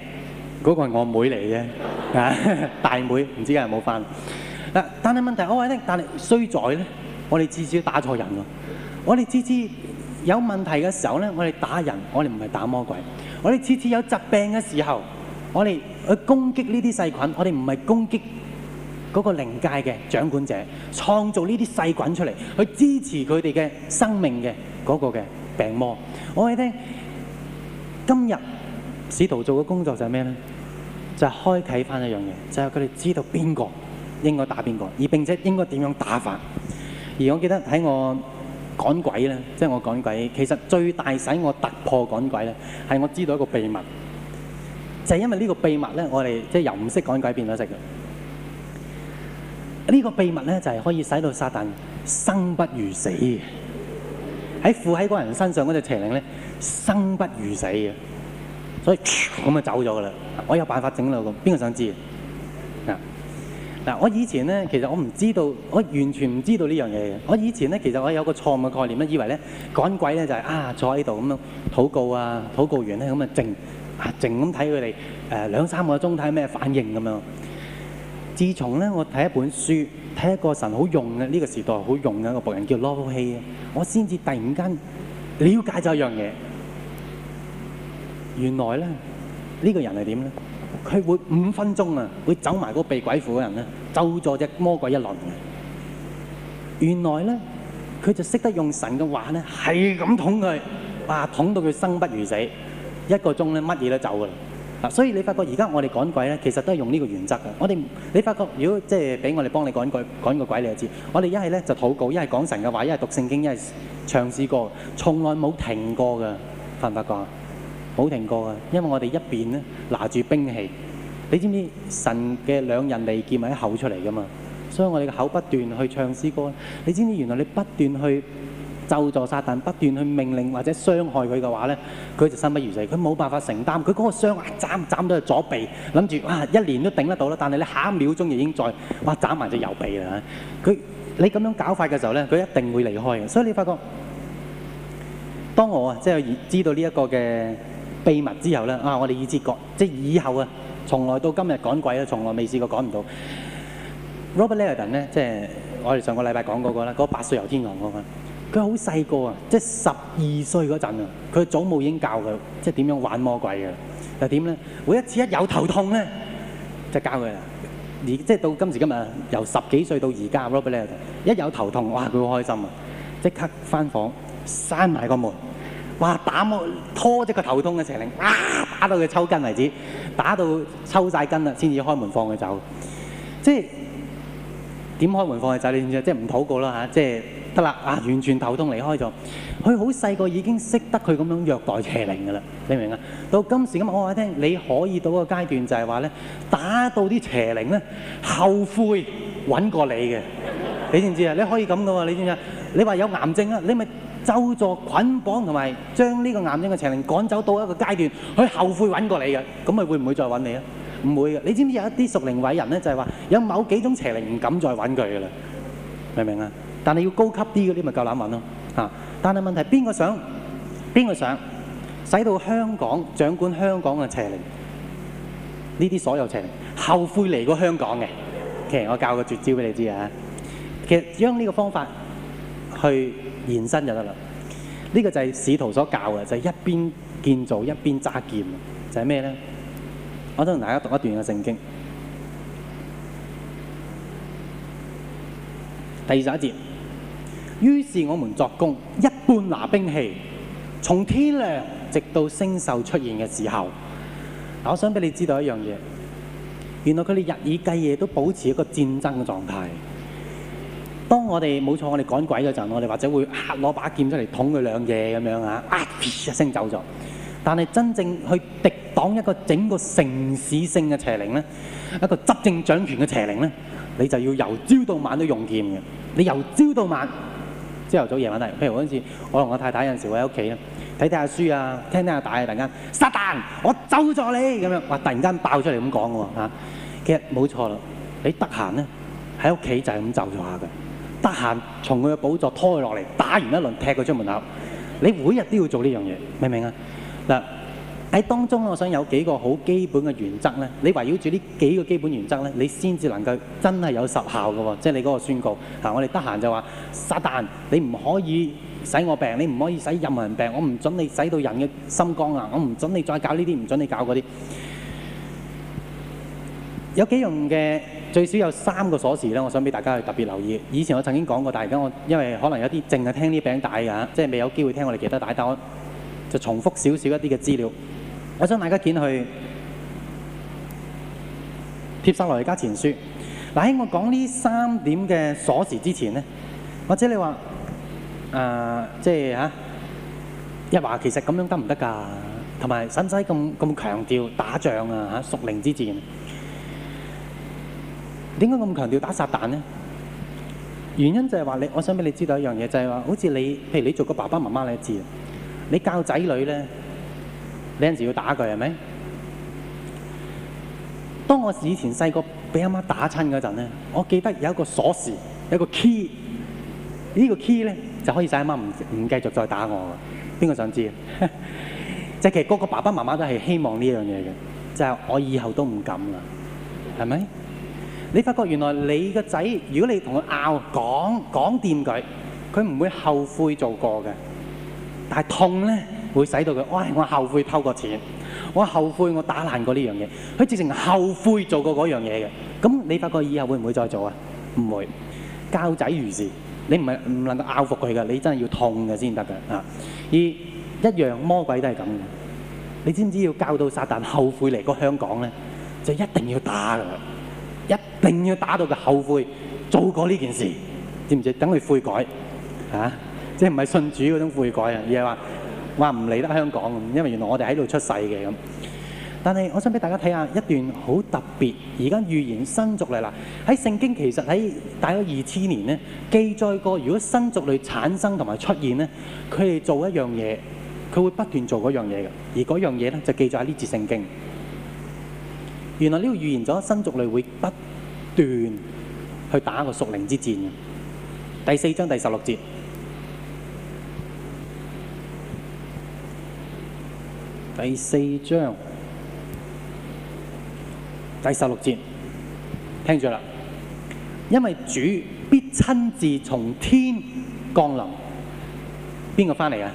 嗰個係我妹嚟啫，啊，大妹唔知今日有冇翻？嗱，但係問題我話你聽，但係衰在咧，我哋次次都打錯人喎！我哋次次有問題嘅時候咧，我哋打人，我哋唔係打魔鬼。我哋次次有疾病嘅時候，我哋去攻擊呢啲細菌，我哋唔係攻擊嗰個靈界嘅掌管者，創造呢啲細菌出嚟去支持佢哋嘅生命嘅嗰個嘅病魔。我話你聽，今日。使徒做嘅工作就係咩呢？就係、是、開啟返一樣嘢，就係佢哋知道邊個應該打邊個，而並且應該點樣打法。而我記得喺我趕鬼呢，即、就、係、是、我趕鬼，其實最大使我突破趕鬼呢，係我知道一個秘密，就係、是、因為呢個秘密呢，我哋即係由唔識趕鬼變咗識嘅。呢、這個秘密呢，就係可以使到撒旦生不如死嘅，喺附喺嗰人身上嗰隻邪靈呢，生不如死嘅。所以咁啊走咗噶啦，我有辦法整啦咁，邊個想知？嗱嗱，我以前咧，其實我唔知道，我完全唔知道呢樣嘢。我以前咧，其實我有個錯誤嘅概念咧，以為咧趕鬼咧就係啊坐喺度咁樣禱告啊禱告完咧，咁啊靜啊靜咁睇佢哋誒兩三個鐘，睇咩反應咁樣。自從咧我睇一本書，睇一個神好用嘅呢個時代好用嘅一個僕人叫羅希，我先至突然間了解咗一樣嘢。原來咧，呢個人係點咧？佢會五分鐘啊，會走埋個被鬼附嘅人咧，咒住隻魔鬼一輪。原來咧，佢就識得用神嘅話咧，係咁捅佢，哇！捅到佢生不如死，一個鐘咧，乜嘢都走㗎啦。啊，所以你發覺而家我哋趕鬼咧，其實都係用呢個原則嘅。我哋你發覺，如果即係俾我哋幫你趕鬼，趕個鬼你就知，我哋一係咧就禱告，一係講神嘅話，一係讀聖經，一係唱詩歌，從來冇停過㗎。發唔發覺？冇停過噶，因為我哋一邊咧拿住兵器，你知唔知神嘅兩刃利劍係喺口出嚟噶嘛？所以我哋個口不斷去唱詩歌。你知唔知原來你不斷去咒助撒但，不斷去命令或者傷害佢嘅話咧，佢就生不如死，佢冇辦法承擔佢嗰個傷。斬斬咗左臂，諗住哇一年都頂得到啦，但係咧下一秒鐘就已經再哇斬埋隻右臂啦。佢你咁樣搞法嘅時候咧，佢一定會離開嘅。所以你發覺，當我啊即係知道呢一個嘅。秘密之後呢，啊！我哋以前講即係以後啊，從來到今日趕鬼啊，從來未試過趕唔到。Robert Liardon 呢，即係我哋上個禮拜講過嗰個啦，嗰八歲遊天堂嗰個，佢好細個啊、那個，即係十二歲嗰陣啊，佢祖母已經教佢即係點樣玩魔鬼嘅。又點咧？每一次一有頭痛咧，就教佢啦。而即係到今時今日，由十幾歲到而家，Robert Liardon 一有頭痛，哇！佢好開心啊，即刻翻房閂埋個門。哇！打我拖即個頭痛嘅邪靈，哇！打到佢抽筋為止，打到抽晒筋啦，先至開門放佢走。即係點開門放佢走？你知唔知啊？即係唔禱告啦嚇！即係得啦啊！完全頭痛離開咗。佢好細個已經識得佢咁樣虐待邪靈㗎啦。你明唔明啊？到今時，咁我話你聽，你可以到個階段就係話咧，打到啲邪靈咧後悔揾過你嘅，你知唔知啊？你可以咁嘅喎，你知唔知你話有癌症啊？你咪～收助捆綁同埋將呢個癌症嘅邪靈趕走到一個階段，去後悔揾過你嘅，咁咪會唔會再揾你啊？唔會嘅。你知唔知有一啲屬靈偉人咧，就係話有某幾種邪靈唔敢再揾佢嘅啦，明唔明啊？但係要高級啲嗰啲咪夠膽揾咯嚇。但係問題邊個想邊個想，使到香港掌管香港嘅邪靈呢啲所有邪靈後悔嚟過香港嘅？其實我教個絕招俾你知啊。其實將呢個方法，去延伸就得啦。呢個就係使徒所教嘅，就係、是、一邊建造一邊揸劍。就係、是、咩呢？我想同大家讀一段嘅聖經。第二十一節。於是我們作工，一半拿兵器，從天亮直到星宿出現嘅時候。我想俾你知道一樣嘢。原來佢哋日以繼夜都保持一個戰爭嘅狀態。當我哋冇錯，我哋趕鬼嗰陣，我哋或者會嚇攞、啊、把劍出嚟捅佢兩嘢咁樣啊，啊！一聲走咗。但係真正去敵擋一個整個城市性嘅邪靈咧，一個執政掌權嘅邪靈咧，你就要由朝到晚都用劍嘅。你由朝到晚，朝頭早夜晚黑，譬如嗰陣時，我同我太太有陣時會喺屋企咧，睇睇下書啊，聽聽下大啊，突然間，撒旦，我咒咗你咁樣，話突然間爆出嚟咁講喎。其實冇錯啦，你得閒咧喺屋企就係咁咒咗下嘅。得閒從佢嘅寶座拖佢落嚟，打完一輪踢佢出門口。你每日都要做呢樣嘢，明唔明啊？嗱，喺當中，我想有幾個好基本嘅原則咧，你圍繞住呢幾個基本原則咧，你先至能夠真係有實效嘅喎。即係你嗰個宣告。我哋得閒就話，撒旦，你唔可以使我病，你唔可以使任何人病，我唔准你使到人嘅心肝，我唔准你再搞呢啲，唔准你搞嗰啲。有幾樣嘅。最少有三個鎖匙呢，我想畀大家去特別留意。以前我曾經講過，但係而家我因為可能有啲淨係聽呢餅帶嘅，即係未有機會聽我哋其他帶，但我就重複少少一啲嘅資料。我想大家見去貼上來而家前書。嗱，喺我講呢三點嘅鎖匙之前咧，或者你話、呃、即係、啊、一話，其實咁樣得唔得㗎？同埋使唔使咁咁強調打仗啊？屬靈之戰點解咁強調打撒但呢？原因就係話我想俾你知道一樣嘢，就係、是、話，好似你，譬如你做個爸爸媽媽嚟知道，你教仔女呢你有時要打佢係咪？當我以前細個俾阿媽打親嗰陣咧，我記得有一個鎖匙，有一個 key，、這個、呢個 key 就可以使阿媽唔繼續再打我喎。邊個想知道？即、就是、其實個個爸爸媽媽都係希望呢樣嘢嘅，就係、是、我以後都唔敢啦，係咪？你發覺原來你個仔，如果你同佢拗講講掂佢，佢唔會後悔做過嘅。但係痛呢，會使到佢，哇，我後悔偷過錢，我後悔我打爛過呢樣嘢，佢直情後悔做過嗰樣嘢嘅。噉你發覺以後會唔會再做啊？唔會。教仔如是，你唔係唔能夠拗服佢㗎，你真係要痛嘅先得嘅啊。而一樣魔鬼都係咁嘅，你知唔知道要教到撒旦後悔嚟過香港呢？就一定要打佢。定要打到佢後悔做過呢件事，知唔知？等佢悔改吓，即係唔係信主嗰種悔改啊？而係話話唔理得香港咁，因為原來我哋喺度出世嘅咁。但係我想俾大家睇下一段好特別，而家預言新族嚟啦。喺聖經其實喺大約二千年咧記載過，如果新族類產生同埋出現咧，佢哋做一樣嘢，佢會不斷做嗰樣嘢嘅。而嗰樣嘢咧就記載喺呢節聖經。原來呢度預言咗新族類會不斷去打個屬靈之戰。第四章第十六節，第四章第十六節，聽住啦，因為主必親自從天降臨，邊個翻嚟啊？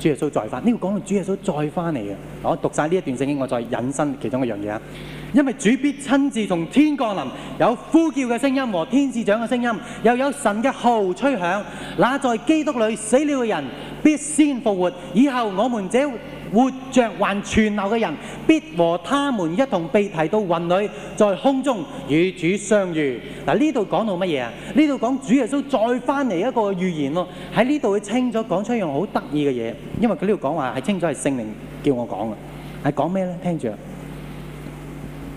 主耶穌再翻，呢個講到主耶穌再翻嚟嘅。我讀晒呢一段聖經，我再引申其中一樣嘢啊。因為主必親自從天降臨，有呼叫嘅聲音和天使長嘅聲音，又有神嘅號吹響。那在基督裏死了嘅人必先復活，以後我們這活着還存留嘅人，必和他們一同被提到雲裏，在空中與主相遇。嗱，呢度講到乜嘢啊？呢度講主耶穌再翻嚟一個預言喎。喺呢度佢清楚講出一樣好得意嘅嘢，因為佢呢度講話係清楚係聖靈叫我講嘅，係講咩呢？聽住。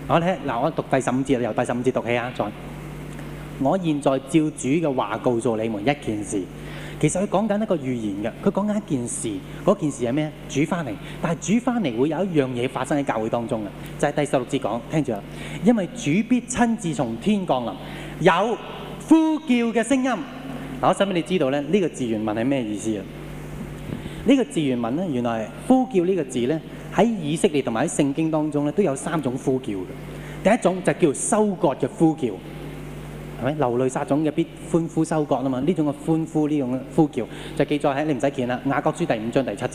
我我讀第十五節由第十五節讀起啊，再。我現在照主嘅話告訴你們一件事，其實佢講緊一個預言，他佢講緊一件事，嗰件事係咩？主返嚟，但係主返嚟會有一樣嘢發生喺教會當中嘅，就係第十六節講，聽住啊，因為主必親自從天降臨，有呼叫嘅聲音。我想俾你知道咧，呢、這個字原文係咩意思啊？呢、這個字原文呢，原來呼叫呢個字呢。喺以色列同埋喺聖經當中咧，都有三種呼叫嘅。第一種就叫收割嘅呼叫，係咪流淚撒種嘅必歡呼收割啊嘛？呢種嘅歡呼呢種呼叫就記載喺你唔使見啦，《雅各書》第五章第七節。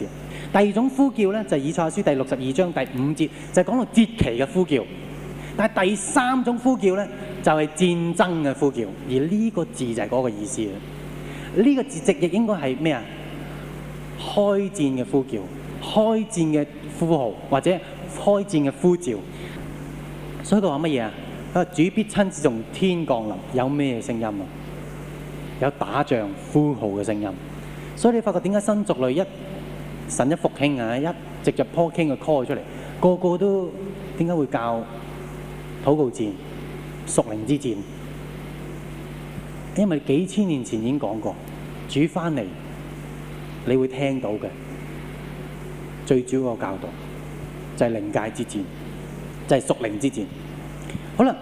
第二種呼叫咧就係《以賽亞書》第六十二章第五節，就係講到節期嘅呼叫。但係第三種呼叫咧就係戰爭嘅呼叫，而呢個字就係嗰個意思。呢個字直譯應該係咩啊？開戰嘅呼叫，開戰嘅。呼號或者開戰嘅呼召，所以佢話乜嘢啊？佢話主必親自從天降臨，有咩聲音啊？有打仗呼號嘅聲音，所以你發覺點解新族類一神一復興啊，一直着坡傾嘅 call 出嚟，個個都點解會教禱告戰、屬靈之戰？因為幾千年前已經講過，主翻嚟，你會聽到嘅。最主要個教導就係、是、靈界之戰，就係、是、屬靈之戰。好啦，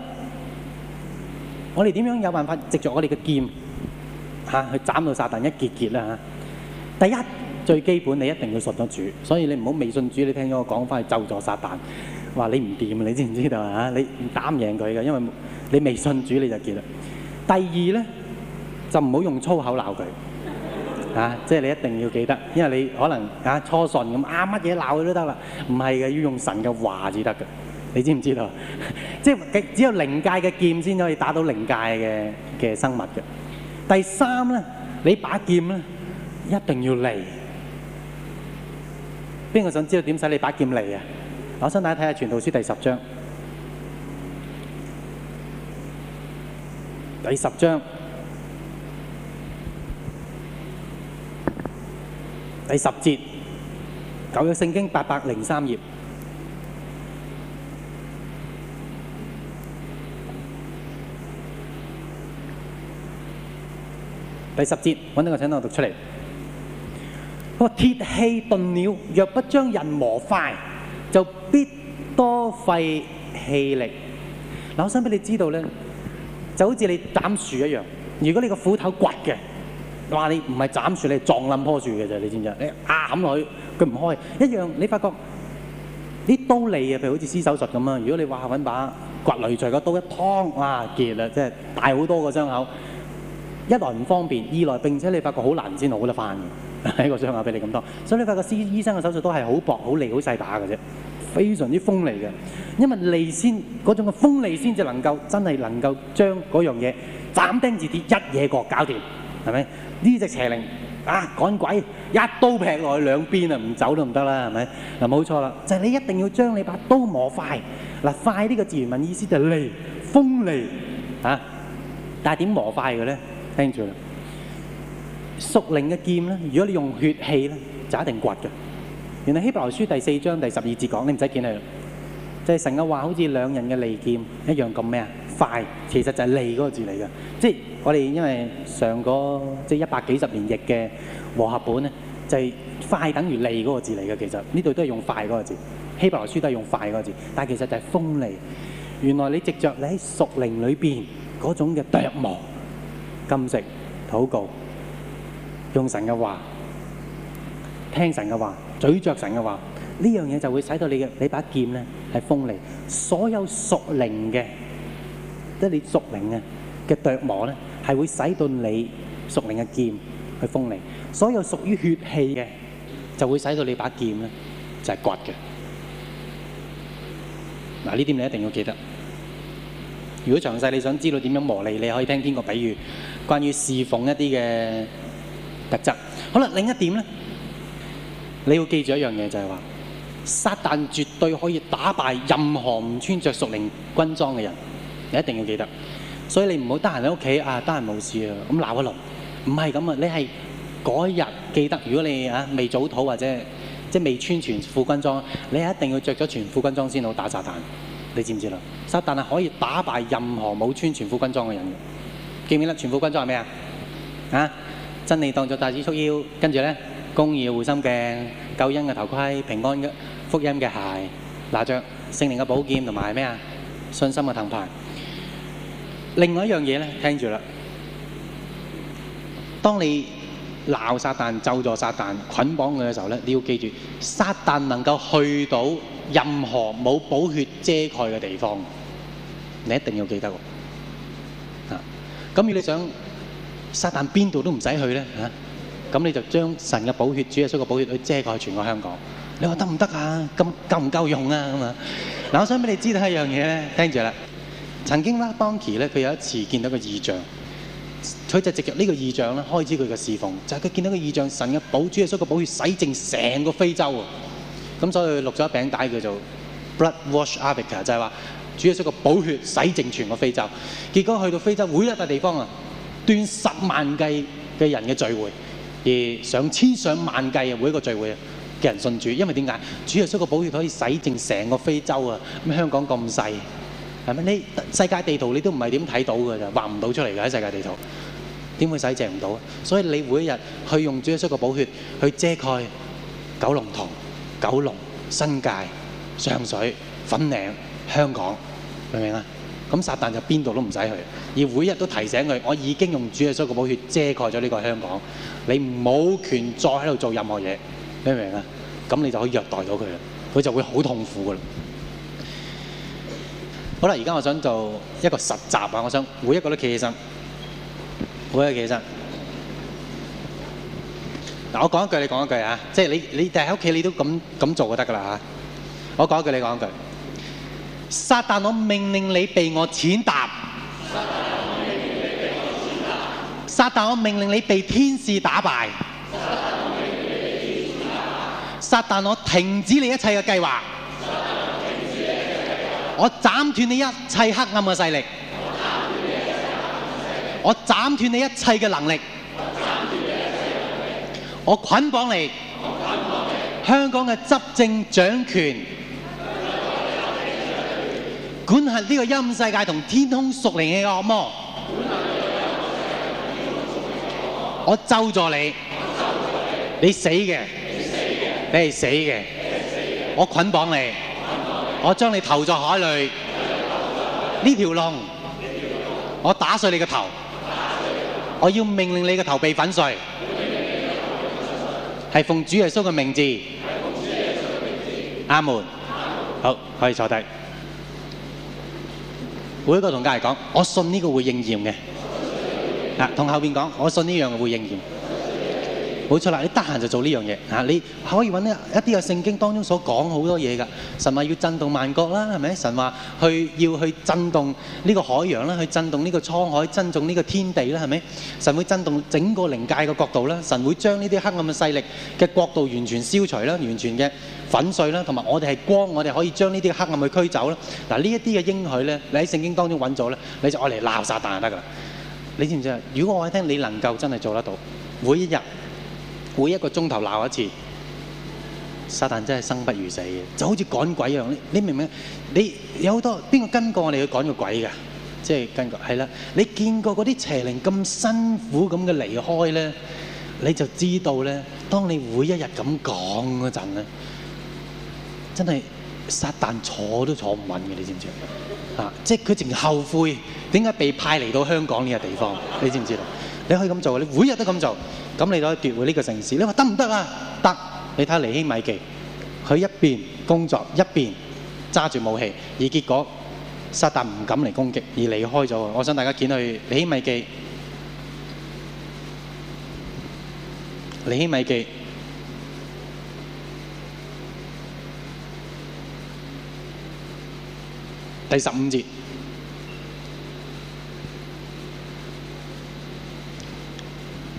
我哋點樣有辦法藉著我哋嘅劍、啊、去斬到撒旦一結結呢、啊？第一最基本你一定要信得主，所以你唔好未信主，你聽我講翻去救助撒旦，話你唔掂，你知唔知道啊？你打唔贏佢嘅，因為你未信主你就結啦。第二呢，就唔好用粗口鬧佢。啊！即係你一定要記得，因為你可能啊初信咁啊乜嘢鬧佢都得啦，唔係嘅要用神嘅話至得嘅，你知唔知道？即係只有靈界嘅劍先可以打到靈界嘅嘅生物嘅。第三呢，你把劍呢一定要利。邊個想知道點使你把劍利啊？我想大家睇下《傳道書》第十章，第十章。第十節，舊約聖經八百零三頁。第十節，揾呢個請單讀出嚟。個鐵器鈍了，若不將刃磨快，就必多費氣力。嗱，我想俾你知道咧，就好似你斬樹一樣，如果你個斧頭刮嘅。哇！你唔係斬樹，你撞冧棵樹嘅啫，你知唔知啊？你砍落去，佢唔開，一樣你發覺啲刀利啊，譬如好似施手術咁啊！如果你話揾把掘擂槌嘅刀一劏，哇！結啦，即係大好多個傷口。一來唔方便，二來並且你發覺好難先好得返嘅呢 個傷口俾你咁多，所以你發覺施醫生嘅手術都係好薄、好利、好細打嘅啫，非常之鋒利嘅。因為利先嗰種嘅鋒利先至能夠真係能夠將嗰樣嘢斬釘截鐵一嘢過搞掂，係咪？呢隻邪靈啊，趕鬼一刀劈落去兩邊啊，唔走都唔得啦，係咪？嗱，冇錯啦，就係你一定要將你把刀磨快。嗱，快呢個字原文意思就係利，鋒利啊！但係點磨快嘅咧？聽住啦，屬靈嘅劍咧，如果你用血氣咧，就一定刮嘅。原來希伯來書第四章第十二節講，你唔使見佢，就係神嘅話好似兩人嘅利劍一樣咁咩啊？快，其實就係利嗰個字嚟嘅，即係。我哋因為上個係會使到你屬靈嘅劍去鋒利，所有屬於血氣嘅就會使到你把劍呢，就係刮嘅。嗱，呢點你一定要記得。如果詳細你想知道點樣磨利，你可以聽邊個比喻，關於侍奉一啲嘅特質。好了，另一點呢，你要記住一樣嘢就係話，撒旦絕對可以打敗任何唔穿着屬靈軍裝嘅人。你一定要記得。所以你唔好得閒喺屋企啊，得閒冇事啊，咁鬧一輪。唔係咁啊，你係嗰日記得，如果你、啊、未早吐或者即未穿全副軍裝，你一定要着咗全副軍裝先好打炸彈。你知唔知啦？炸彈係可以打敗任何冇穿全副軍裝嘅人嘅。記唔記得全副軍裝係咩呀？啊，真理當作大師束腰，跟住呢，公義嘅護心鏡，救恩嘅頭盔，平安嘅福音嘅鞋，拿着聖靈嘅寶劍同埋咩呀？信心嘅藤牌。另外一樣嘢咧，聽住啦。當你鬧撒旦、咒詛撒旦、捆綁佢嘅時候咧，你要記住，撒旦能夠去到任何冇寶血遮蓋嘅地方。你一定要記得喎。啊，咁如果你想撒旦邊度都唔使去咧嚇，咁你就將神嘅寶血煮出個寶血去遮蓋全個香港。你話得唔得啊？咁夠唔夠用啊？咁啊，嗱，我想俾你知道一樣嘢咧，聽住啦。曾經咧，邦琪咧，佢有一次見到個異象，佢就直接呢個異象咧，開始佢嘅侍奉，就係佢見到個異象，神嘅寶主耶穌嘅寶血洗淨成個非洲啊！咁所以佢錄咗一餅帶叫做 Blood Wash Africa，就係話主耶穌嘅寶血洗淨全個非洲。結果去到非洲每一個地方啊，斷十萬計嘅人嘅聚會，而上千上萬計嘅每一個聚會嘅人信主，因為點解主耶穌嘅寶血可以洗淨成個非洲啊？咁香港咁細。係咪？你世界地圖你都唔係點睇到㗎咋，畫唔到出嚟㗎喺世界地圖。點會使借唔到？所以你每一日去用主耶穌嘅寶血去遮蓋九龍塘、九龍、新界、上水、粉嶺、香港，明唔明啊？咁撒旦就邊度都唔使去。而每一日都提醒佢，我已經用主耶穌嘅寶血遮蓋咗呢個香港，你冇權再喺度做任何嘢，明唔明啊？咁你就可以虐待到佢啦，佢就會好痛苦㗎啦。好啦，而家我想做一個實習啊！我想每一個都企起身，每一個企起身。嗱，我講一句，你講一句啊！即係你，你哋喺屋企，你都咁咁做就得噶啦嚇。我講一句，你講一句。撒旦，我命令你被我踐踏。撒旦我，撒旦我命令你被天使打敗。撒旦，撒旦我，撒旦我停止你一切嘅計劃。我斬斷你一切黑暗嘅勢力,勢力，我斬斷你一切的嘅能力，我捆綁,綁你,我你，香港嘅執政掌權，管轄呢個陰世界同天空屬靈嘅惡魔,惡魔，我咒住你,你，你。死嘅你死死嘅，你係死嘅。我捆綁,綁你。我將你投在海裡，呢條龍，我打碎你個頭，我要命令你個頭被粉碎，係奉主耶穌嘅名字，阿門。好，可以坐低。每一個同隔籬講，我信呢個會應驗嘅。啊，同後面講，我信呢樣會應驗。冇錯啦，你得閒就做呢樣嘢嚇，你可以揾一一啲喺聖經當中所講好多嘢㗎。神話要震動萬國啦，係咪？神話去要去震動呢個海洋啦，去震動呢個滄海，震動呢個天地啦，係咪？神會震動整個靈界嘅國度啦，神會將呢啲黑暗嘅勢力嘅國度完全消除啦，完全嘅粉碎啦，同埋我哋係光，我哋可以將呢啲黑暗去驅走啦。嗱呢一啲嘅應許咧，你喺聖經當中揾咗咧，你就攞嚟鬧撒但得㗎啦。你知唔知啊？如果我一聽你能夠真係做得到，每一日。每一個鐘頭鬧一次，撒旦真係生不如死嘅，就好似趕鬼一樣。你你明唔明？你有好多邊個跟過我哋去趕個鬼㗎？即係跟過，係啦。你見過嗰啲邪靈咁辛苦咁嘅離開咧，你就知道咧。當你每一日咁講嗰陣咧，真係撒旦坐都坐唔穩嘅，你知唔知？啊，即係佢淨後悔點解被派嚟到香港呢個地方。你知唔知道？你可以咁做，你每日都咁做。咁你就可以奪回呢個城市，你話得唔得啊？得，你睇尼希米記，佢一邊工作一邊揸住武器，而結果撒旦唔敢嚟攻擊，而離開咗。我想大家見到尼希米記，尼希米記第十五節。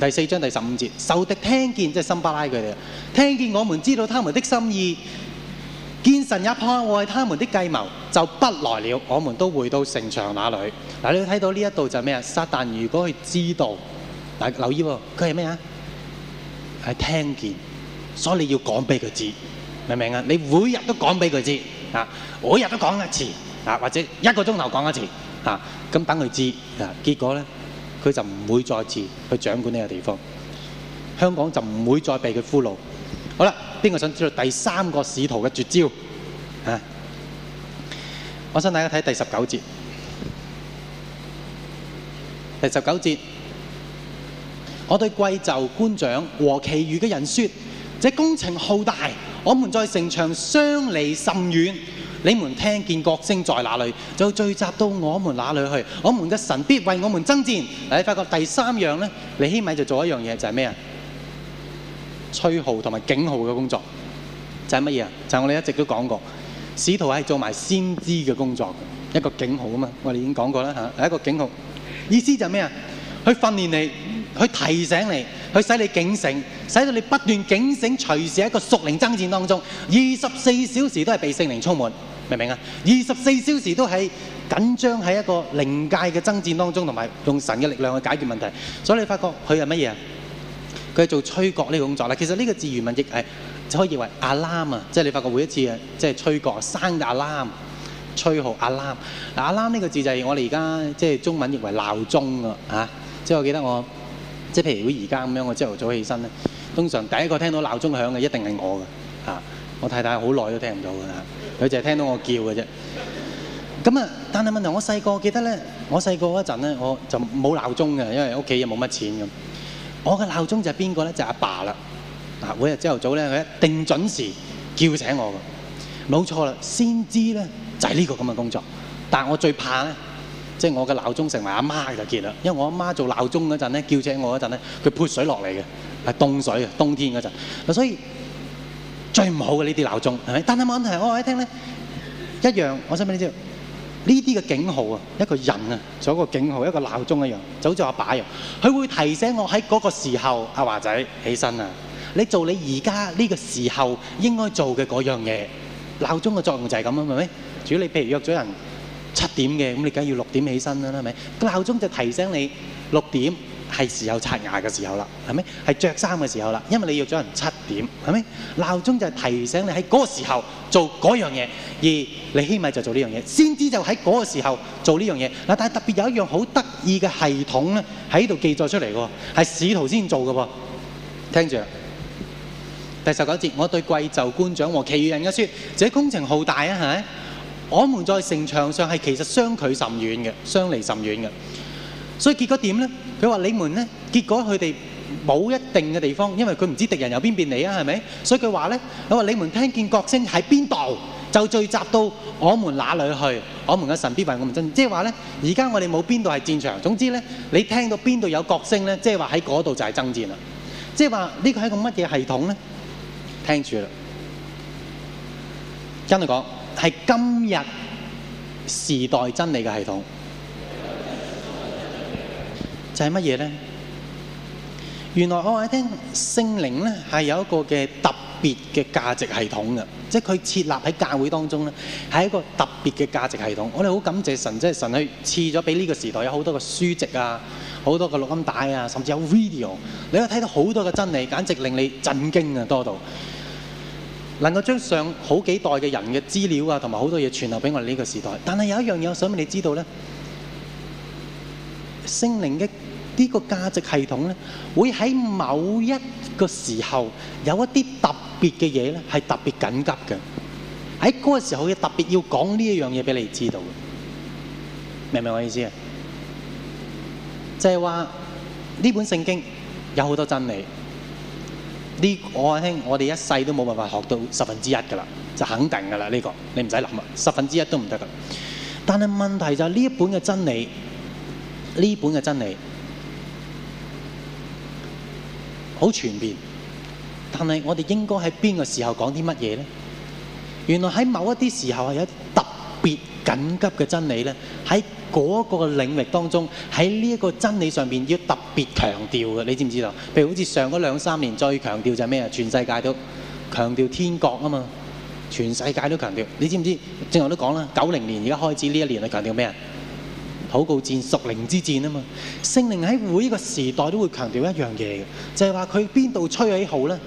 第四章第十五節，仇敵聽見，即係參巴拉佢哋啊！聽見我們知道他們的心意，見神也破壞他們的計謀，就不來了。我們都回到城牆那裡。嗱，你睇到呢一度就係咩啊？撒但如果佢知道，嗱，留意喎，佢係咩啊？係聽見，所以你要講俾佢知，明唔明啊？你每日都講俾佢知，啊，每日都講一次，啊，或者一個鐘頭講一次，啊，咁等佢知，啊，結果咧？佢就唔會再次去掌管呢個地方，香港就唔會再被佢俘虜。好啦，邊個想知道第三個使徒嘅絕招？啊，我想大家睇第十九節。第十九節，我對貴冑官長和其餘嘅人說，這工程浩大，我們在城牆相離甚遠。你們聽見角聲在哪裏，就聚集到我們哪裏去。我們嘅神必為我們爭戰。嗱，你發覺第三樣呢？尼希米就做一樣嘢，就係咩啊？吹號同埋警號嘅工作，就係乜嘢啊？就係、是、我哋一直都講過，使徒係做埋先知嘅工作，一個警號啊嘛。我哋已經講過啦嚇，一個警號，意思就咩啊？去訓練你，去提醒你，去使你警醒，使到你不斷警醒，隨時喺一個屬靈爭戰當中，二十四小時都係被聖靈充滿。明唔明啊？二十四小時都係緊張喺一個靈界嘅爭戰當中，同埋用神嘅力量去解決問題。所以你發覺佢係乜嘢啊？佢係做吹角呢個工作啦。其實呢個字原文亦係就可以譯為 Alarm 啊，即係你發覺每一次催 Alarm，催、就是、啊，即係吹角」生嘅 Alarm 吹號 Alarm 嗱 Alarm 呢個字就係我哋而家即係中文譯為鬧鐘啊嚇。即係我記得我即係譬如如而家咁樣，我朝頭早起身咧，通常第一個聽到鬧鐘響嘅一定係我嘅啊。我太太好耐都聽唔到㗎啦，佢淨係聽到我叫嘅啫。咁啊，但係問題，我細個記得咧，我細個嗰陣咧，我就冇鬧鐘嘅，因為屋企又冇乜錢咁。我嘅鬧鐘就係邊個咧？就係阿爸啦。嗱，每日朝頭早咧，佢一定準時叫醒我嘅，冇錯啦。先知咧就係呢個咁嘅工作，但我最怕咧，即係我嘅鬧鐘成為阿媽嘅結啦。因為我阿媽做鬧鐘嗰陣咧，叫醒我嗰陣咧，佢潑水落嚟嘅，係凍水啊，冬天嗰陣，所以。最唔好嘅呢啲鬧鐘，係咪？但係問題我一聽一樣，我想俾你知，呢啲嘅警號一個人啊，有個警號，一個鬧鐘一樣，就好似阿爸，爸一樣，佢會提醒我喺嗰個時候，阿、啊、華仔起身啊，你做你而家呢個時候應該做嘅嗰樣嘢。鬧鐘嘅作用就係咁啊，係咪？比如你譬如約咗人七點嘅，咁你梗係要六點起身啦，係咪？個鬧鐘就提醒你六點。係時候刷牙嘅時候啦，係咪？係着衫嘅時候啦，因為你約咗人七點，係咪？鬧鐘就係提醒你喺嗰個時候做嗰樣嘢，而你希米就做呢樣嘢，先知就喺嗰個時候做呢樣嘢。嗱，但係特別有一樣好得意嘅系統咧，喺度記載出嚟喎，係使徒先做嘅喎。聽住第十九節，我對貴冑官長和其餘人嘅説，這工程浩大啊，係咪？我們在城牆上係其實相距甚遠嘅，相離甚遠嘅，所以結果點呢？佢話：你們咧，結果佢哋冇一定嘅地方，因為佢唔知敵人由邊邊嚟啊，係咪？所以佢話咧：我話你們聽見角聲喺邊度，就聚集到我們哪裡去，我們嘅神必為我們爭戰，即係話咧，而家我哋冇邊度係戰場。總之咧，你聽到邊度有角聲咧，即係話喺嗰度就係爭戰啦。即係話呢個係個乜嘢系統咧？聽住啦，跟佢講係今日時代真理嘅系統。就係乜嘢咧？原來我話你聽，聖靈咧係有一個嘅特別嘅價值系統嘅，即係佢設立喺教會當中咧，係一個特別嘅價值系統。我哋好感謝神，即係神去賜咗俾呢個時代有好多嘅書籍啊，好多嘅錄音帶啊，甚至有 video，你可以睇到好多嘅真理，簡直令你震驚啊，多到能夠將上好幾代嘅人嘅資料啊，同埋好多嘢傳留俾我哋呢個時代。但係有一樣嘢，我想俾你知道咧？聖靈嘅呢個價值系統呢，會喺某一個時候有一啲特別嘅嘢呢，係特別緊急嘅。喺嗰個時候，佢特別要講呢一樣嘢俾你知道，明唔明我意思啊？即係話呢本聖經有好多真理，呢我阿兄，我哋一世都冇辦法學到十分之一噶啦，就肯定噶啦呢個，你唔使諗啦，十分之一都唔得噶。但係問題就呢、是、一本嘅真理。呢本嘅真理好全面，但係我哋應該喺邊個時候講啲乜嘢咧？原來喺某一啲時候係有特別緊急嘅真理咧，喺嗰個領域當中，喺呢個真理上邊要特別強調嘅，你知唔知道？譬如好似上嗰兩三年最強調的是什麼，最強調就係咩？全世界都強調天國啊嘛，全世界都強調。你知唔知？正話都講啦，九零年而家開始呢一年強調什麼，就強調咩啊？口告戰、屬靈之戰啊嘛！聖靈喺每一個時代都會強調一樣嘢嘅，就係話佢邊度吹起號呢？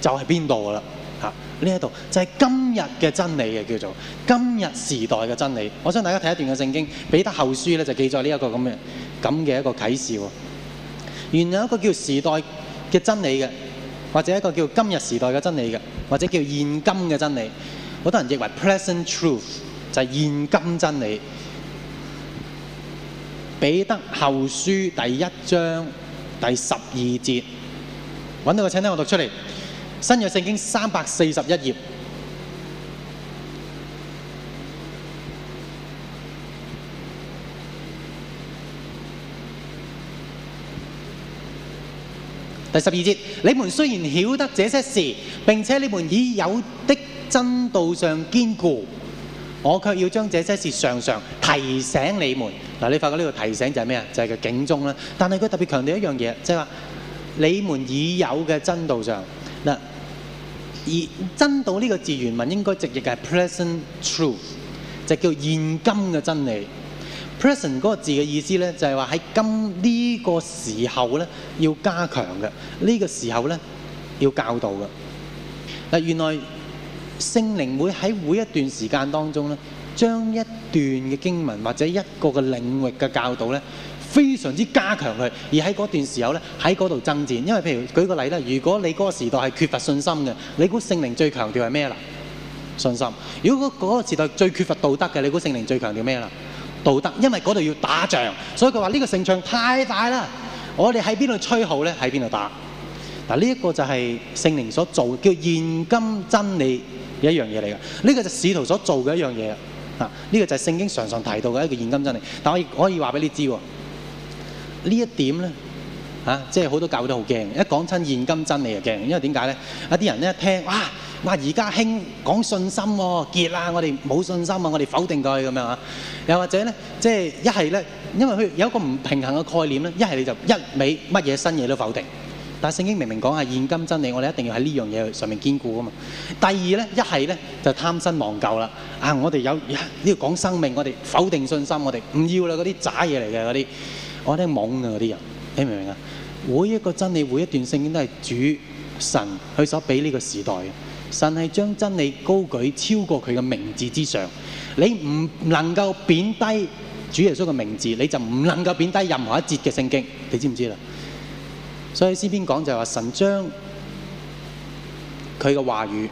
就係邊度噶啦嚇。呢一度就係、是、今日嘅真理嘅，叫做今日時代嘅真理。我想大家睇一段嘅聖經，彼得後書呢，就記載呢、這、一個咁嘅咁嘅一個啟示喎。原來一個叫時代嘅真理嘅，或者一個叫今日時代嘅真理嘅，或者叫現今嘅真理，好多人認為 present truth，就係現今真理。彼得後書第一章第十二節，揾到個，請聽我讀出嚟。新約聖經三百四十一頁，第十二節：你們雖然曉得這些事，並且你們已有的真道上堅固。我卻要將這些事常常提醒你們。你發覺呢個提醒就係咩啊？就係、是、個警鐘啦。但係佢特別強調一樣嘢，就係、是、話你們已有嘅真道上，而真道呢個字原文應該直譯係 present truth，就叫現今嘅真理。present 嗰個字嘅意思就係話喺今呢個時候要加強，呢個時候要教導。原來。聖靈會喺每一段時間當中咧，將一段嘅經文或者一個嘅領域嘅教導咧，非常之加強佢，而喺嗰段時候咧，喺嗰度爭戰。因為譬如舉個例啦，如果你嗰個時代係缺乏信心嘅，你估聖靈最強調係咩啦？信心。如果嗰個時代最缺乏道德嘅，你估聖靈最強調咩啦？道德。因為嗰度要打仗，所以佢話呢個城牆太大啦，我哋喺邊度吹號咧，喺邊度打。嗱，呢一個就係聖靈所做，叫現今真理。一樣嘢嚟嘅，呢個就使徒所做嘅一樣嘢啊！呢個就聖經常常提到嘅一個現金真理。但係我亦可以話俾你知喎，呢一點咧嚇，即係好多教會都好驚，一講親現金真理就驚，因為點解咧？有啲人咧一聽，哇！話而家興講信心喎，結啊！我哋冇信心啊，我哋否定佢咁樣啊！又或者咧，即係一係咧，因為佢有一個唔平衡嘅概念咧，一係你就一味乜嘢新嘢都否定。但係聖經明明講係現今真理，我哋一定要喺呢樣嘢上面堅固啊嘛。第二呢，一係呢，就貪新忘舊啦。啊，我哋有你要講生命，我哋否定信心，我哋唔要喇嗰啲渣嘢嚟嘅嗰啲，我哋懵㗎嗰啲人，你明唔明啊？每一個真理，每一段聖經都係主神去所俾呢個時代嘅。神係將真理高舉超過佢嘅名字之上。你唔能夠貶低主耶穌嘅名字，你就唔能夠貶低任何一節嘅聖經。你知唔知啦？所以詩篇講就係話神將佢嘅話語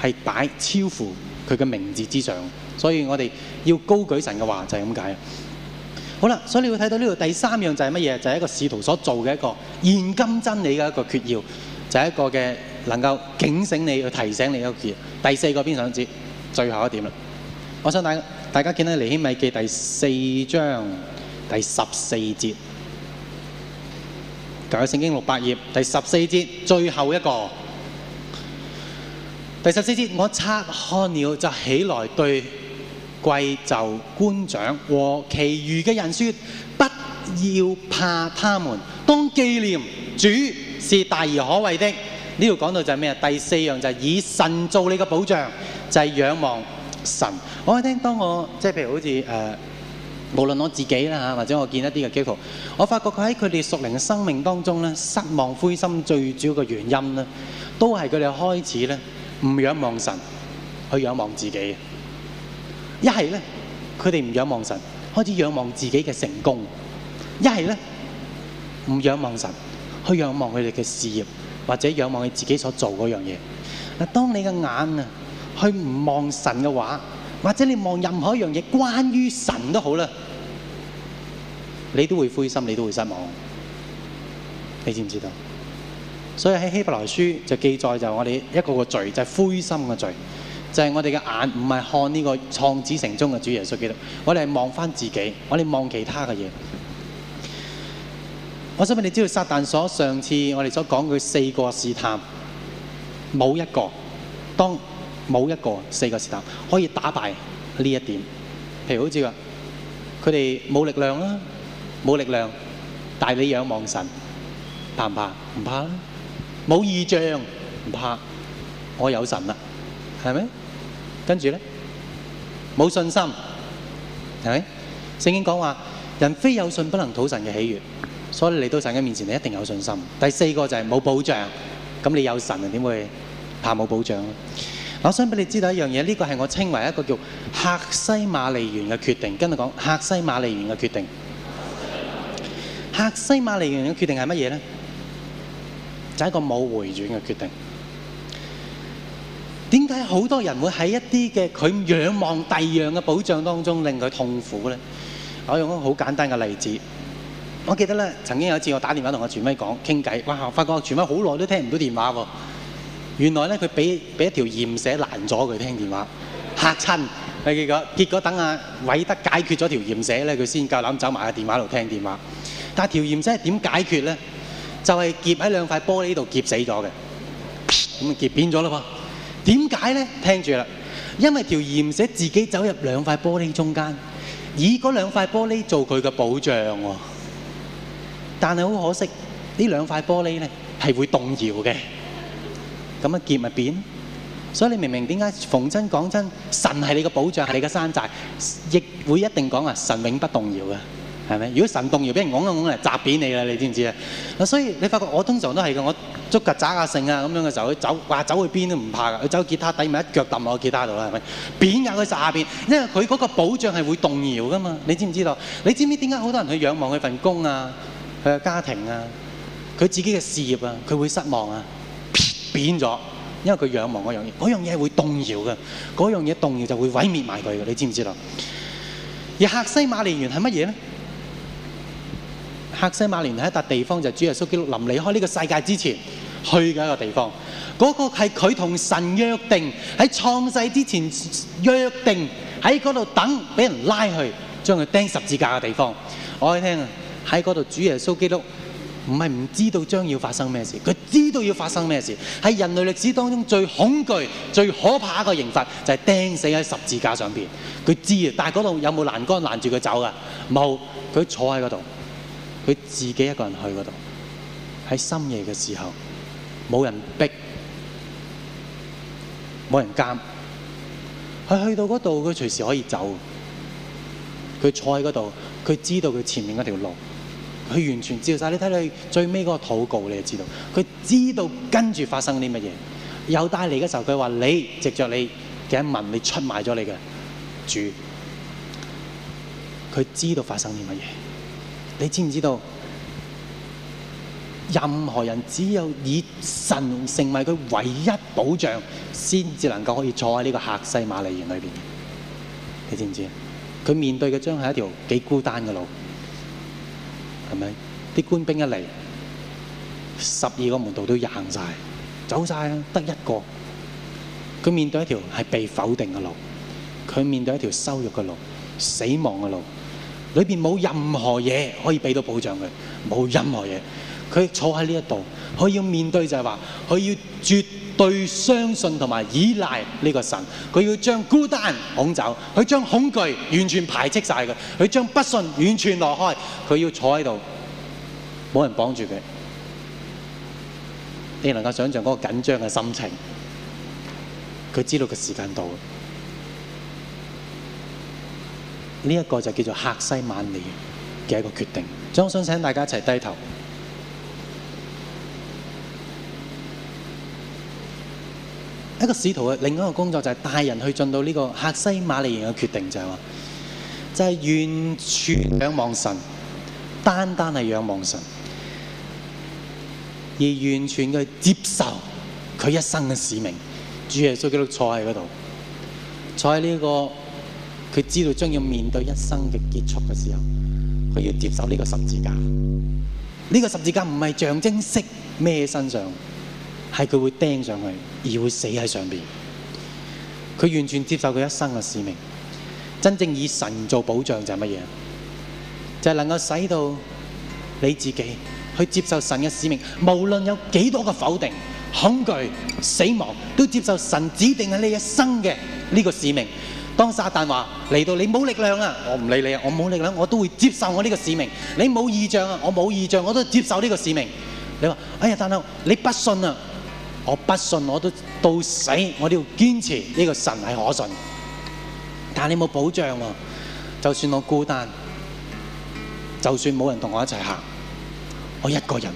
係擺超乎佢嘅名字之上，所以我哋要高舉神嘅話就係咁解。好啦，所以你要睇到呢度第三樣就係乜嘢？就係、是、一個使徒所做嘅一個現今真理嘅一個訣竅，就係、是、一個嘅能夠警醒你去提醒你一個訣竅。第四個邊上節，最後一點啦。我想大家大家見到《尼希米記第四章第十四節。講聖經六百頁第十四節最後一個，第十四節我察看了就起來對貴胄官長和其餘嘅人説：不要怕他們，當紀念主是大而可畏的。呢度講到就係咩？第四樣就係以神做你嘅保障，就係、是、仰望神。我聽當我即係譬如好似無論我自己啦或者我見一啲嘅基督徒，我發覺佢喺佢哋熟齡嘅生命當中咧，失望灰心最主要嘅原因咧，都係佢哋開始咧唔仰望神，去仰望自己。一係咧，佢哋唔仰望神，開始仰望自己嘅成功；一係咧，唔仰望神，去仰望佢哋嘅事業，或者仰望佢自己所做嗰樣嘢。嗱，當你嘅眼啊，去唔望神嘅話，或者你望任何一樣嘢，關於神都好啦，你都會灰心，你都會失望。你知唔知道？所以喺希伯來書就記載就我哋一個個罪，就係灰心嘅罪，就是我哋嘅眼唔係看呢個創始成終嘅主耶穌基督，我哋係望返自己，我哋望其他嘅嘢。我想畀你知道撒旦所上次我哋所講佢四個試探，冇一個當。冇一個四個時代可以打敗呢一點。譬如好似話，佢哋冇力量啦，冇力量，但你仰望神，怕唔怕？唔怕啦。冇異象，唔怕。我有神啦，係咪？跟住咧，冇信心，係咪？聖經講話，人非有信不能討神嘅喜悅，所以你嚟到神嘅面前，你一定有信心。第四個就係冇保障，咁你有神，點會怕冇保障？我想俾你知道一樣嘢，呢個係我稱為一個叫客西馬尼園嘅決定。跟你講客西馬尼園嘅決定，客西馬尼園嘅決定係乜嘢呢？就係一個冇回轉嘅決定。點解好多人會喺一啲嘅佢仰望第二樣嘅保障當中令佢痛苦呢？我用一個好簡單嘅例子。我記得呢，曾經有一次我打電話同我傳威講傾偈，我發覺傳威好耐都聽唔到電話喎。原來呢，佢俾俾一條鹽蛇攔咗佢聽電話，嚇親。結果結果等阿偉德解決咗條鹽蛇呢，佢先夠膽走埋去電話度聽電話。但係條鹽蛇點解決呢？就係夾喺兩塊玻璃度夾死咗嘅，咁夾扁咗咯喎。點解呢？聽住啦，因為條鹽蛇自己走入兩塊玻璃中間，以嗰兩塊玻璃做佢嘅保障喎。但係好可惜，呢兩塊玻璃呢係會動搖嘅。咁啊，結咪扁？所以你明明點解？逢親講真，神係你個保障，係你個山寨，亦會一定講話神永不動搖嘅，係咪？如果神動搖，俾人拱嚟拱嚟砸扁你啦！你知唔知啊？所以你發覺我通常都係嘅，我捉曱甴啊、剩啊咁樣嘅時候，去走話走去邊都唔怕嘅，去走吉他底咪一腳揼落吉他度啦，係咪？扁壓佢下邊，因為佢嗰個保障係會動搖嘅嘛，你知唔知道？你知唔知點解好多人去仰望佢份工啊、佢個家庭啊、佢自己嘅事業啊，佢會失望啊？變咗，因為佢仰望嗰樣嘢，嗰樣嘢會動搖嘅，嗰樣嘢動搖就會毀滅埋佢嘅，你知唔知道？而客西馬尼園係乜嘢呢？客西馬尼喺一笪地方，就係、是、主耶穌基督臨離開呢個世界之前去嘅一個地方。嗰、那個係佢同神約定喺創世之前約定喺嗰度等，俾人拉去將佢釘十字架嘅地方。我哋聽啊，喺嗰度主耶穌基督。唔係唔知道將要發生咩事，佢知道要發生咩事，係人類歷史當中最恐懼、最可怕的一個刑罰，就係、是、釘死喺十字架上面。佢知道，但係嗰度有冇有欄杆攔住佢走㗎？沒冇，佢坐喺嗰度，佢自己一個人去嗰度，喺深夜嘅時候，冇人逼，冇人監。佢去到嗰度，佢隨時可以走。佢坐喺嗰度，佢知道佢前面嗰條路。佢完全照曬，你睇佢最尾嗰個禱告，你就知道，佢知道跟住發生啲乜嘢。有帶嚟嘅時候，佢話：你藉着你嘅一吻，你出賣咗你嘅主。佢知道發生啲乜嘢。你知唔知道？任何人只有以神成為佢唯一保障，先至能夠可以坐喺呢個客西馬尼園裏面。你知唔知道？佢面對嘅將係一條幾孤單嘅路。係咪？啲官兵一嚟，十二個門徒都行晒，走晒啦，得一個。佢面對一條係被否定嘅路，佢面對一條羞辱嘅路，死亡嘅路，裏面冇任何嘢可以俾到保障佢，冇任何嘢。佢坐喺呢一度，佢要面對就係話，佢要絕對相信同埋依賴呢個神，佢要將孤單哄走，佢將恐懼完全排斥晒嘅，佢將不信完全挪開，佢要坐喺度，冇人幫住佢，你能夠想象嗰個緊張嘅心情。佢知道佢時間到了，呢一個就叫做客西馬尼嘅一個決定。張信，請大家一齊低頭。一個使徒嘅另一個工作就係帶人去進到呢個客西馬尼園嘅決定，就係話，就係完全仰望神，單單係仰望神，而完全去接受佢一生嘅使命。主耶穌基督坐喺嗰度，坐喺呢、這個佢知道將要面對一生嘅結束嘅時候，佢要接受呢個十字架。呢、這個十字架唔係象徵式咩身上？係佢會釘上去，而會死喺上面。佢完全接受佢一生嘅使命。真正以神做保障就係乜嘢？就係能夠使到你自己去接受神嘅使命。無論有幾多嘅否定、恐懼、死亡，都接受神指定係你一生嘅呢個使命。當撒旦話，嚟到你冇力量啊，我唔理你啊，我冇力量，我都會接受我呢個使命。你冇異象啊，我冇異象，我都接受呢個使命。你話，哎呀，大佬，你不信啊？我不信，我都到死，我都要堅持呢個神係可信。但你冇保障喎，就算我孤單，就算冇人同我一齊行，我一個人，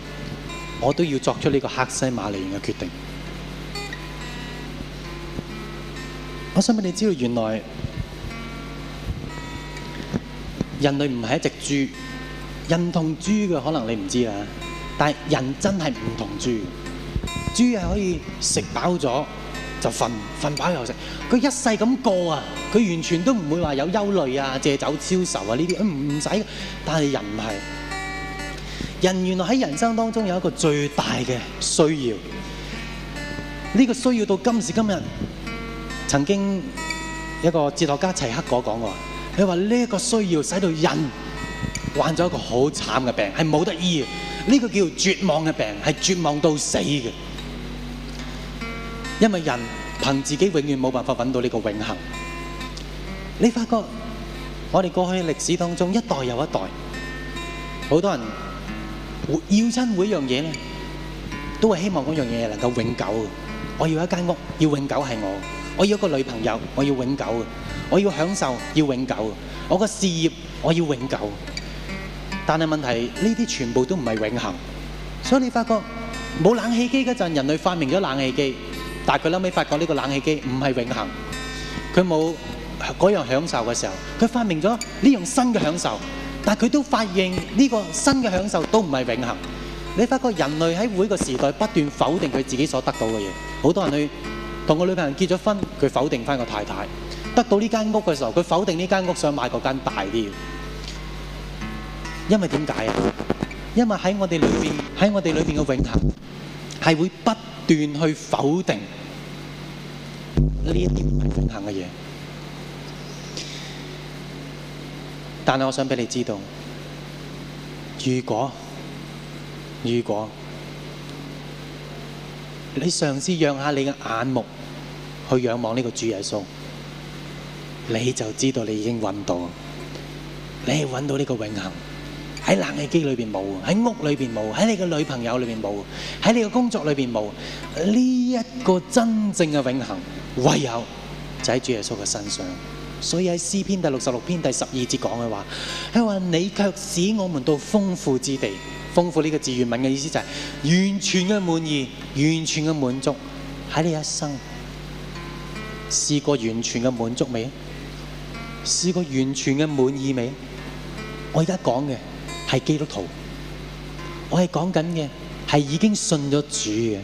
我都要作出呢個客西馬尼園嘅決定。我想俾你知道，原來人類唔係一隻豬，人同豬嘅可能你唔知啊，但係人真係唔同豬。豬係可以食飽咗就瞓，瞓飽又食。佢一世咁過啊！佢完全都唔會話有憂慮啊、借酒消愁啊呢啲，唔唔使。但係人唔係，人原來喺人生當中有一個最大嘅需要。呢個需要到今時今日，曾經有一個哲學家齊克果講過，佢話呢一個需要使到人患咗一個好慘嘅病，係冇得醫嘅。呢個叫絕望嘅病，係絕望到死嘅。因為人憑自己永遠冇辦法揾到呢個永恆。你發覺我哋過去嘅歷史當中一代又一代，好多人要親每樣嘢咧，都係希望嗰樣嘢能夠永久。我要一間屋，要永久係我；我要一個女朋友，我要永久；我要享受，要永久；我個事業，我要永久。但係問題呢啲全部都唔係永恆，所以你發覺冇冷氣機嗰陣，人類發明咗冷氣機。但係佢後尾發覺呢個冷氣機唔係永恆，佢冇嗰樣享受嘅時候，佢發明咗呢樣新嘅享受。但係佢都發現呢個新嘅享受都唔係永恆。你發覺人類喺每個時代不斷否定佢自己所得到嘅嘢。好多人去同個女朋友結咗婚，佢否定返個太太得到呢間屋嘅時候，佢否定呢間屋想買嗰間大啲。因為點解啊？因為喺我哋裏邊喺我哋裏邊嘅永恆係會不斷去否定呢啲唔係永恆嘅嘢，但係我想畀你知道，如果如果你嘗試讓下你嘅眼目去仰望呢個主耶穌，你就知道你已經揾到，你揾到呢個永恆。喺冷氣機裏面冇，喺屋裏面冇，喺你嘅女朋友裏面冇，喺你嘅工作裏面冇，呢一個真正嘅永恒，唯有就喺主耶穌嘅身上。所以喺詩篇第六十六篇第十二節講嘅話，佢話，你卻使我們到豐富之地，豐富呢個字原文嘅意思就係完全嘅滿意，完全嘅滿足。喺你一生試過完全嘅滿足未？試過完全嘅滿，滿意未？我而家講嘅。是基督徒，我是講緊嘅係已經信咗主嘅。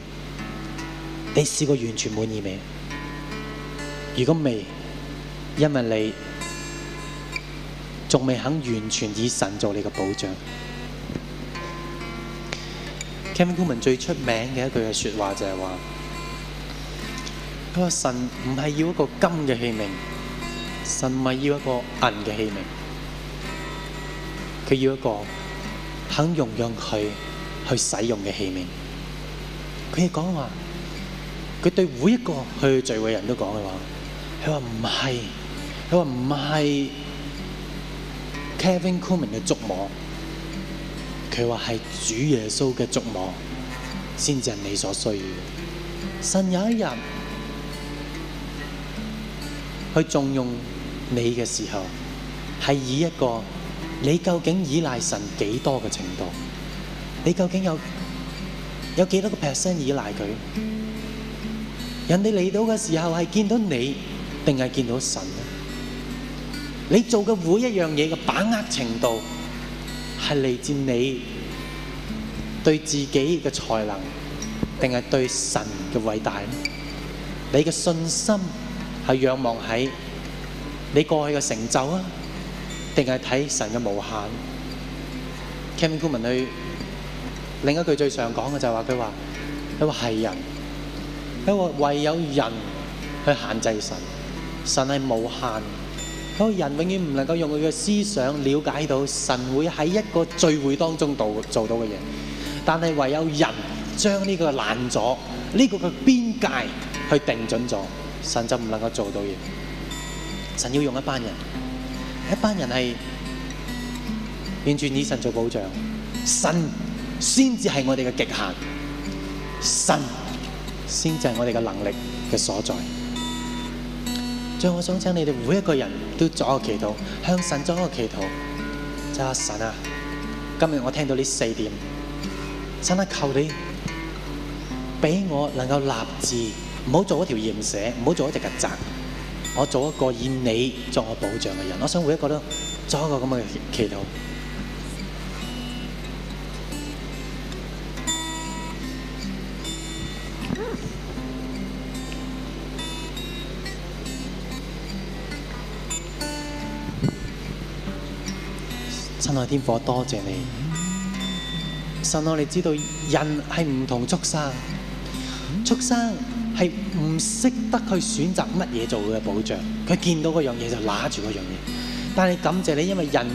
你試過完全滿意未？如果未，因為你仲未肯完全以神做你嘅保障。Kevin Coleman 最出名嘅一句說話就是話：，嗰個神唔係要一個金嘅器皿，神咪要一個銀嘅器皿。佢要一個肯容讓佢去使用嘅器皿。佢哋講話，佢對每一個去聚會嘅人都講嘅話，佢話唔係，佢話唔係 Kevin Coombe 嘅觸摸，佢話係主耶穌嘅觸摸，先至係你所需要嘅。神有一日去重用你嘅時候，係以一個。你究竟倚賴神幾多嘅程度？你究竟有有幾多個 percent 倚賴佢？人哋嚟到嘅時候係見到你，定係見到神咧？你做嘅每一樣嘢嘅把握程度，係嚟自你對自己嘅才能，定係對神嘅偉大咧？你嘅信心係仰望喺你過去嘅成就啊？定係睇神嘅無限。Camping o o m a n 佢另一句最常講嘅就係話佢話：佢話係人，佢話唯有人去限制神。神係無限，佢話人永遠唔能夠用佢嘅思想了解到神會喺一個聚會當中度做到嘅嘢。但係唯有人將呢個難咗，呢、呢個嘅邊界去定準咗，神就唔能夠做到嘢。神要用一班人。一班人係完全以神做保障，神先至係我哋嘅極限，神先至係我哋嘅能力嘅所在。最後我想請你哋每一個人都作一個祈禱，向神作一個祈禱，就係神啊！今日我聽到呢四點，真係求你俾我能夠立志，唔好做一條鹽蛇，唔好做一隻曱甴。我做一個以你作我保障嘅人，我想每一個咧，做一個咁嘅祈禱。親愛嘅天父，多謝你，神，我哋知道人係唔同畜生，畜生。係唔識得去選擇乜嘢做嘅保障，佢見到嗰樣嘢就拿住嗰樣嘢。但係感謝你，因為人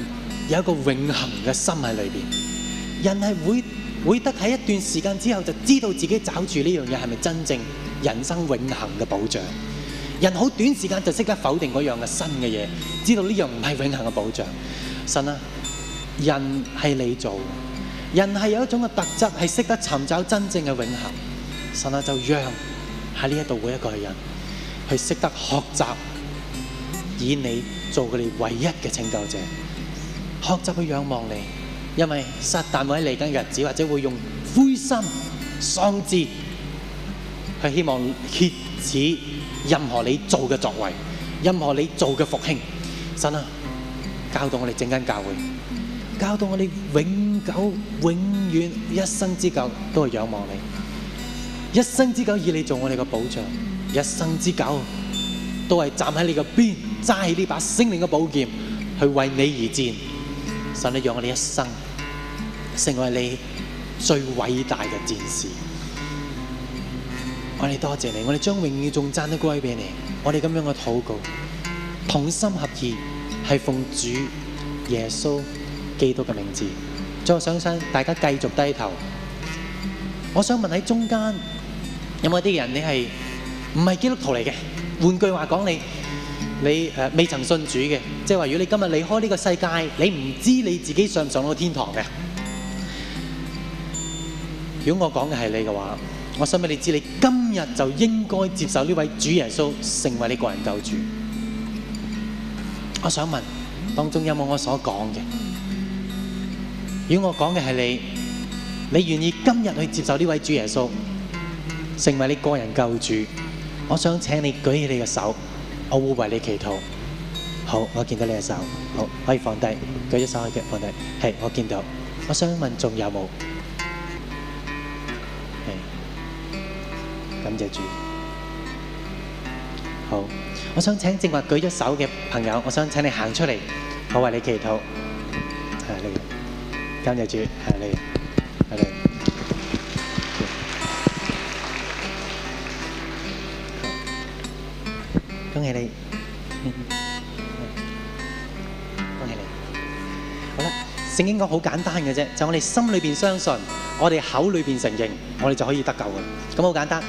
有一個永恆嘅心喺裏邊，人係會會得喺一段時間之後就知道自己找住呢樣嘢係咪真正人生永恆嘅保障。人好短時間就識得否定嗰樣嘅新嘅嘢，知道呢樣唔係永恆嘅保障。神啊，人係你做，人係有一種嘅特質係識得尋找真正嘅永恆。神啊，就讓。喺呢一度嘅每一個人，去識得學習，以你做佢哋唯一嘅拯救者，學習去仰望你，因為撒但會喺嚟緊嘅日子或者會用灰心喪志，去希望遏止任何你做嘅作為，任何你做嘅復興，神啊，教導我哋整間教會，教導我哋永久永遠一生之久都係仰望你。一生之久以你做我哋嘅保障，一生之久都係站喺你個邊，揸起呢把聖靈嘅寶劍去為你而戰，使你讓我哋一生成為你最偉大嘅戰士。我哋多謝你，我哋將永遠仲爭得歸俾你。我哋咁樣嘅禱告，同心合意係奉主耶穌基督嘅名字。再想想，大家繼續低頭。我想問喺中間。有冇啲人你係唔係基督徒嚟嘅？換句話講，你你誒未曾信主嘅，即係話，如果你今日離開呢個世界，你唔知你自己上唔上到天堂嘅。如果我講嘅係你嘅話，我想俾你知，你今日就應該接受呢位主耶穌成為你個人救主。我想問，當中有冇我所講嘅？如果我講嘅係你，你願意今日去接受呢位主耶穌？成為你個人救主，我想請你舉起你嘅手，我會為你祈禱。好，我見到你嘅手，好，可以放低，舉咗手嘅放低。係，我見到。我想問有有，仲有冇？係，感謝主。好，我想請正話舉咗手嘅朋友，我想請你行出嚟，我為你祈禱。係你，感謝主。係你，係你。多謝你，多謝你。好啦，聖經講好簡單嘅啫，就我哋心裏邊相信，我哋口裏邊承認，我哋就可以得救噶啦。咁好簡單，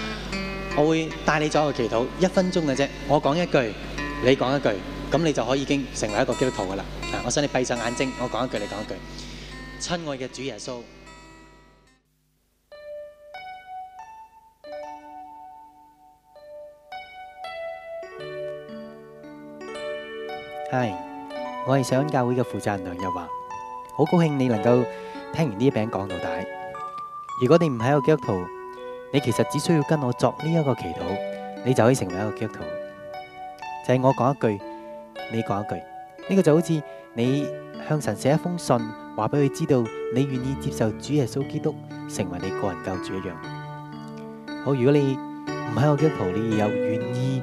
我會帶你做一個祈禱，一分鐘嘅啫。我講一句，你講一句，咁你就可以已經成為一個基督徒噶啦。嗱，我想你閉上眼睛，我講一句，你講一句。親愛嘅主耶穌。我係上教會嘅負責人梁日華，好高興你能夠聽完呢一餅講道帶。如果你唔喺個基督徒，你其實只需要跟我作呢一個祈禱，你就可以成為一個基督徒。就係我講一句，你講一句，呢個就好似你向神寫一封信，話俾佢知道你願意接受主耶穌基督成為你個人救主一樣。好，如果你唔喺個基督徒，你又願意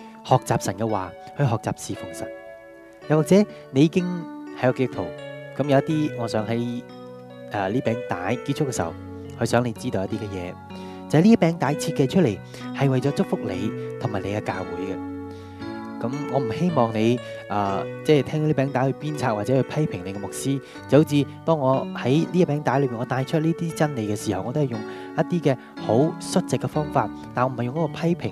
學習神嘅話，去學習侍奉神。又或者你已經係個基督徒，咁有一啲，我想喺誒呢餅帶結束嘅時候，去想你知道一啲嘅嘢，就係、是、呢餅帶設計出嚟係為咗祝福你同埋你嘅教會嘅。咁我唔希望你誒、呃、即係聽到呢餅帶去鞭策或者去批評你嘅牧師，就好似當我喺呢餅帶裏邊，我帶出呢啲真理嘅時候，我都係用一啲嘅好率直嘅方法，但我唔係用嗰個批評。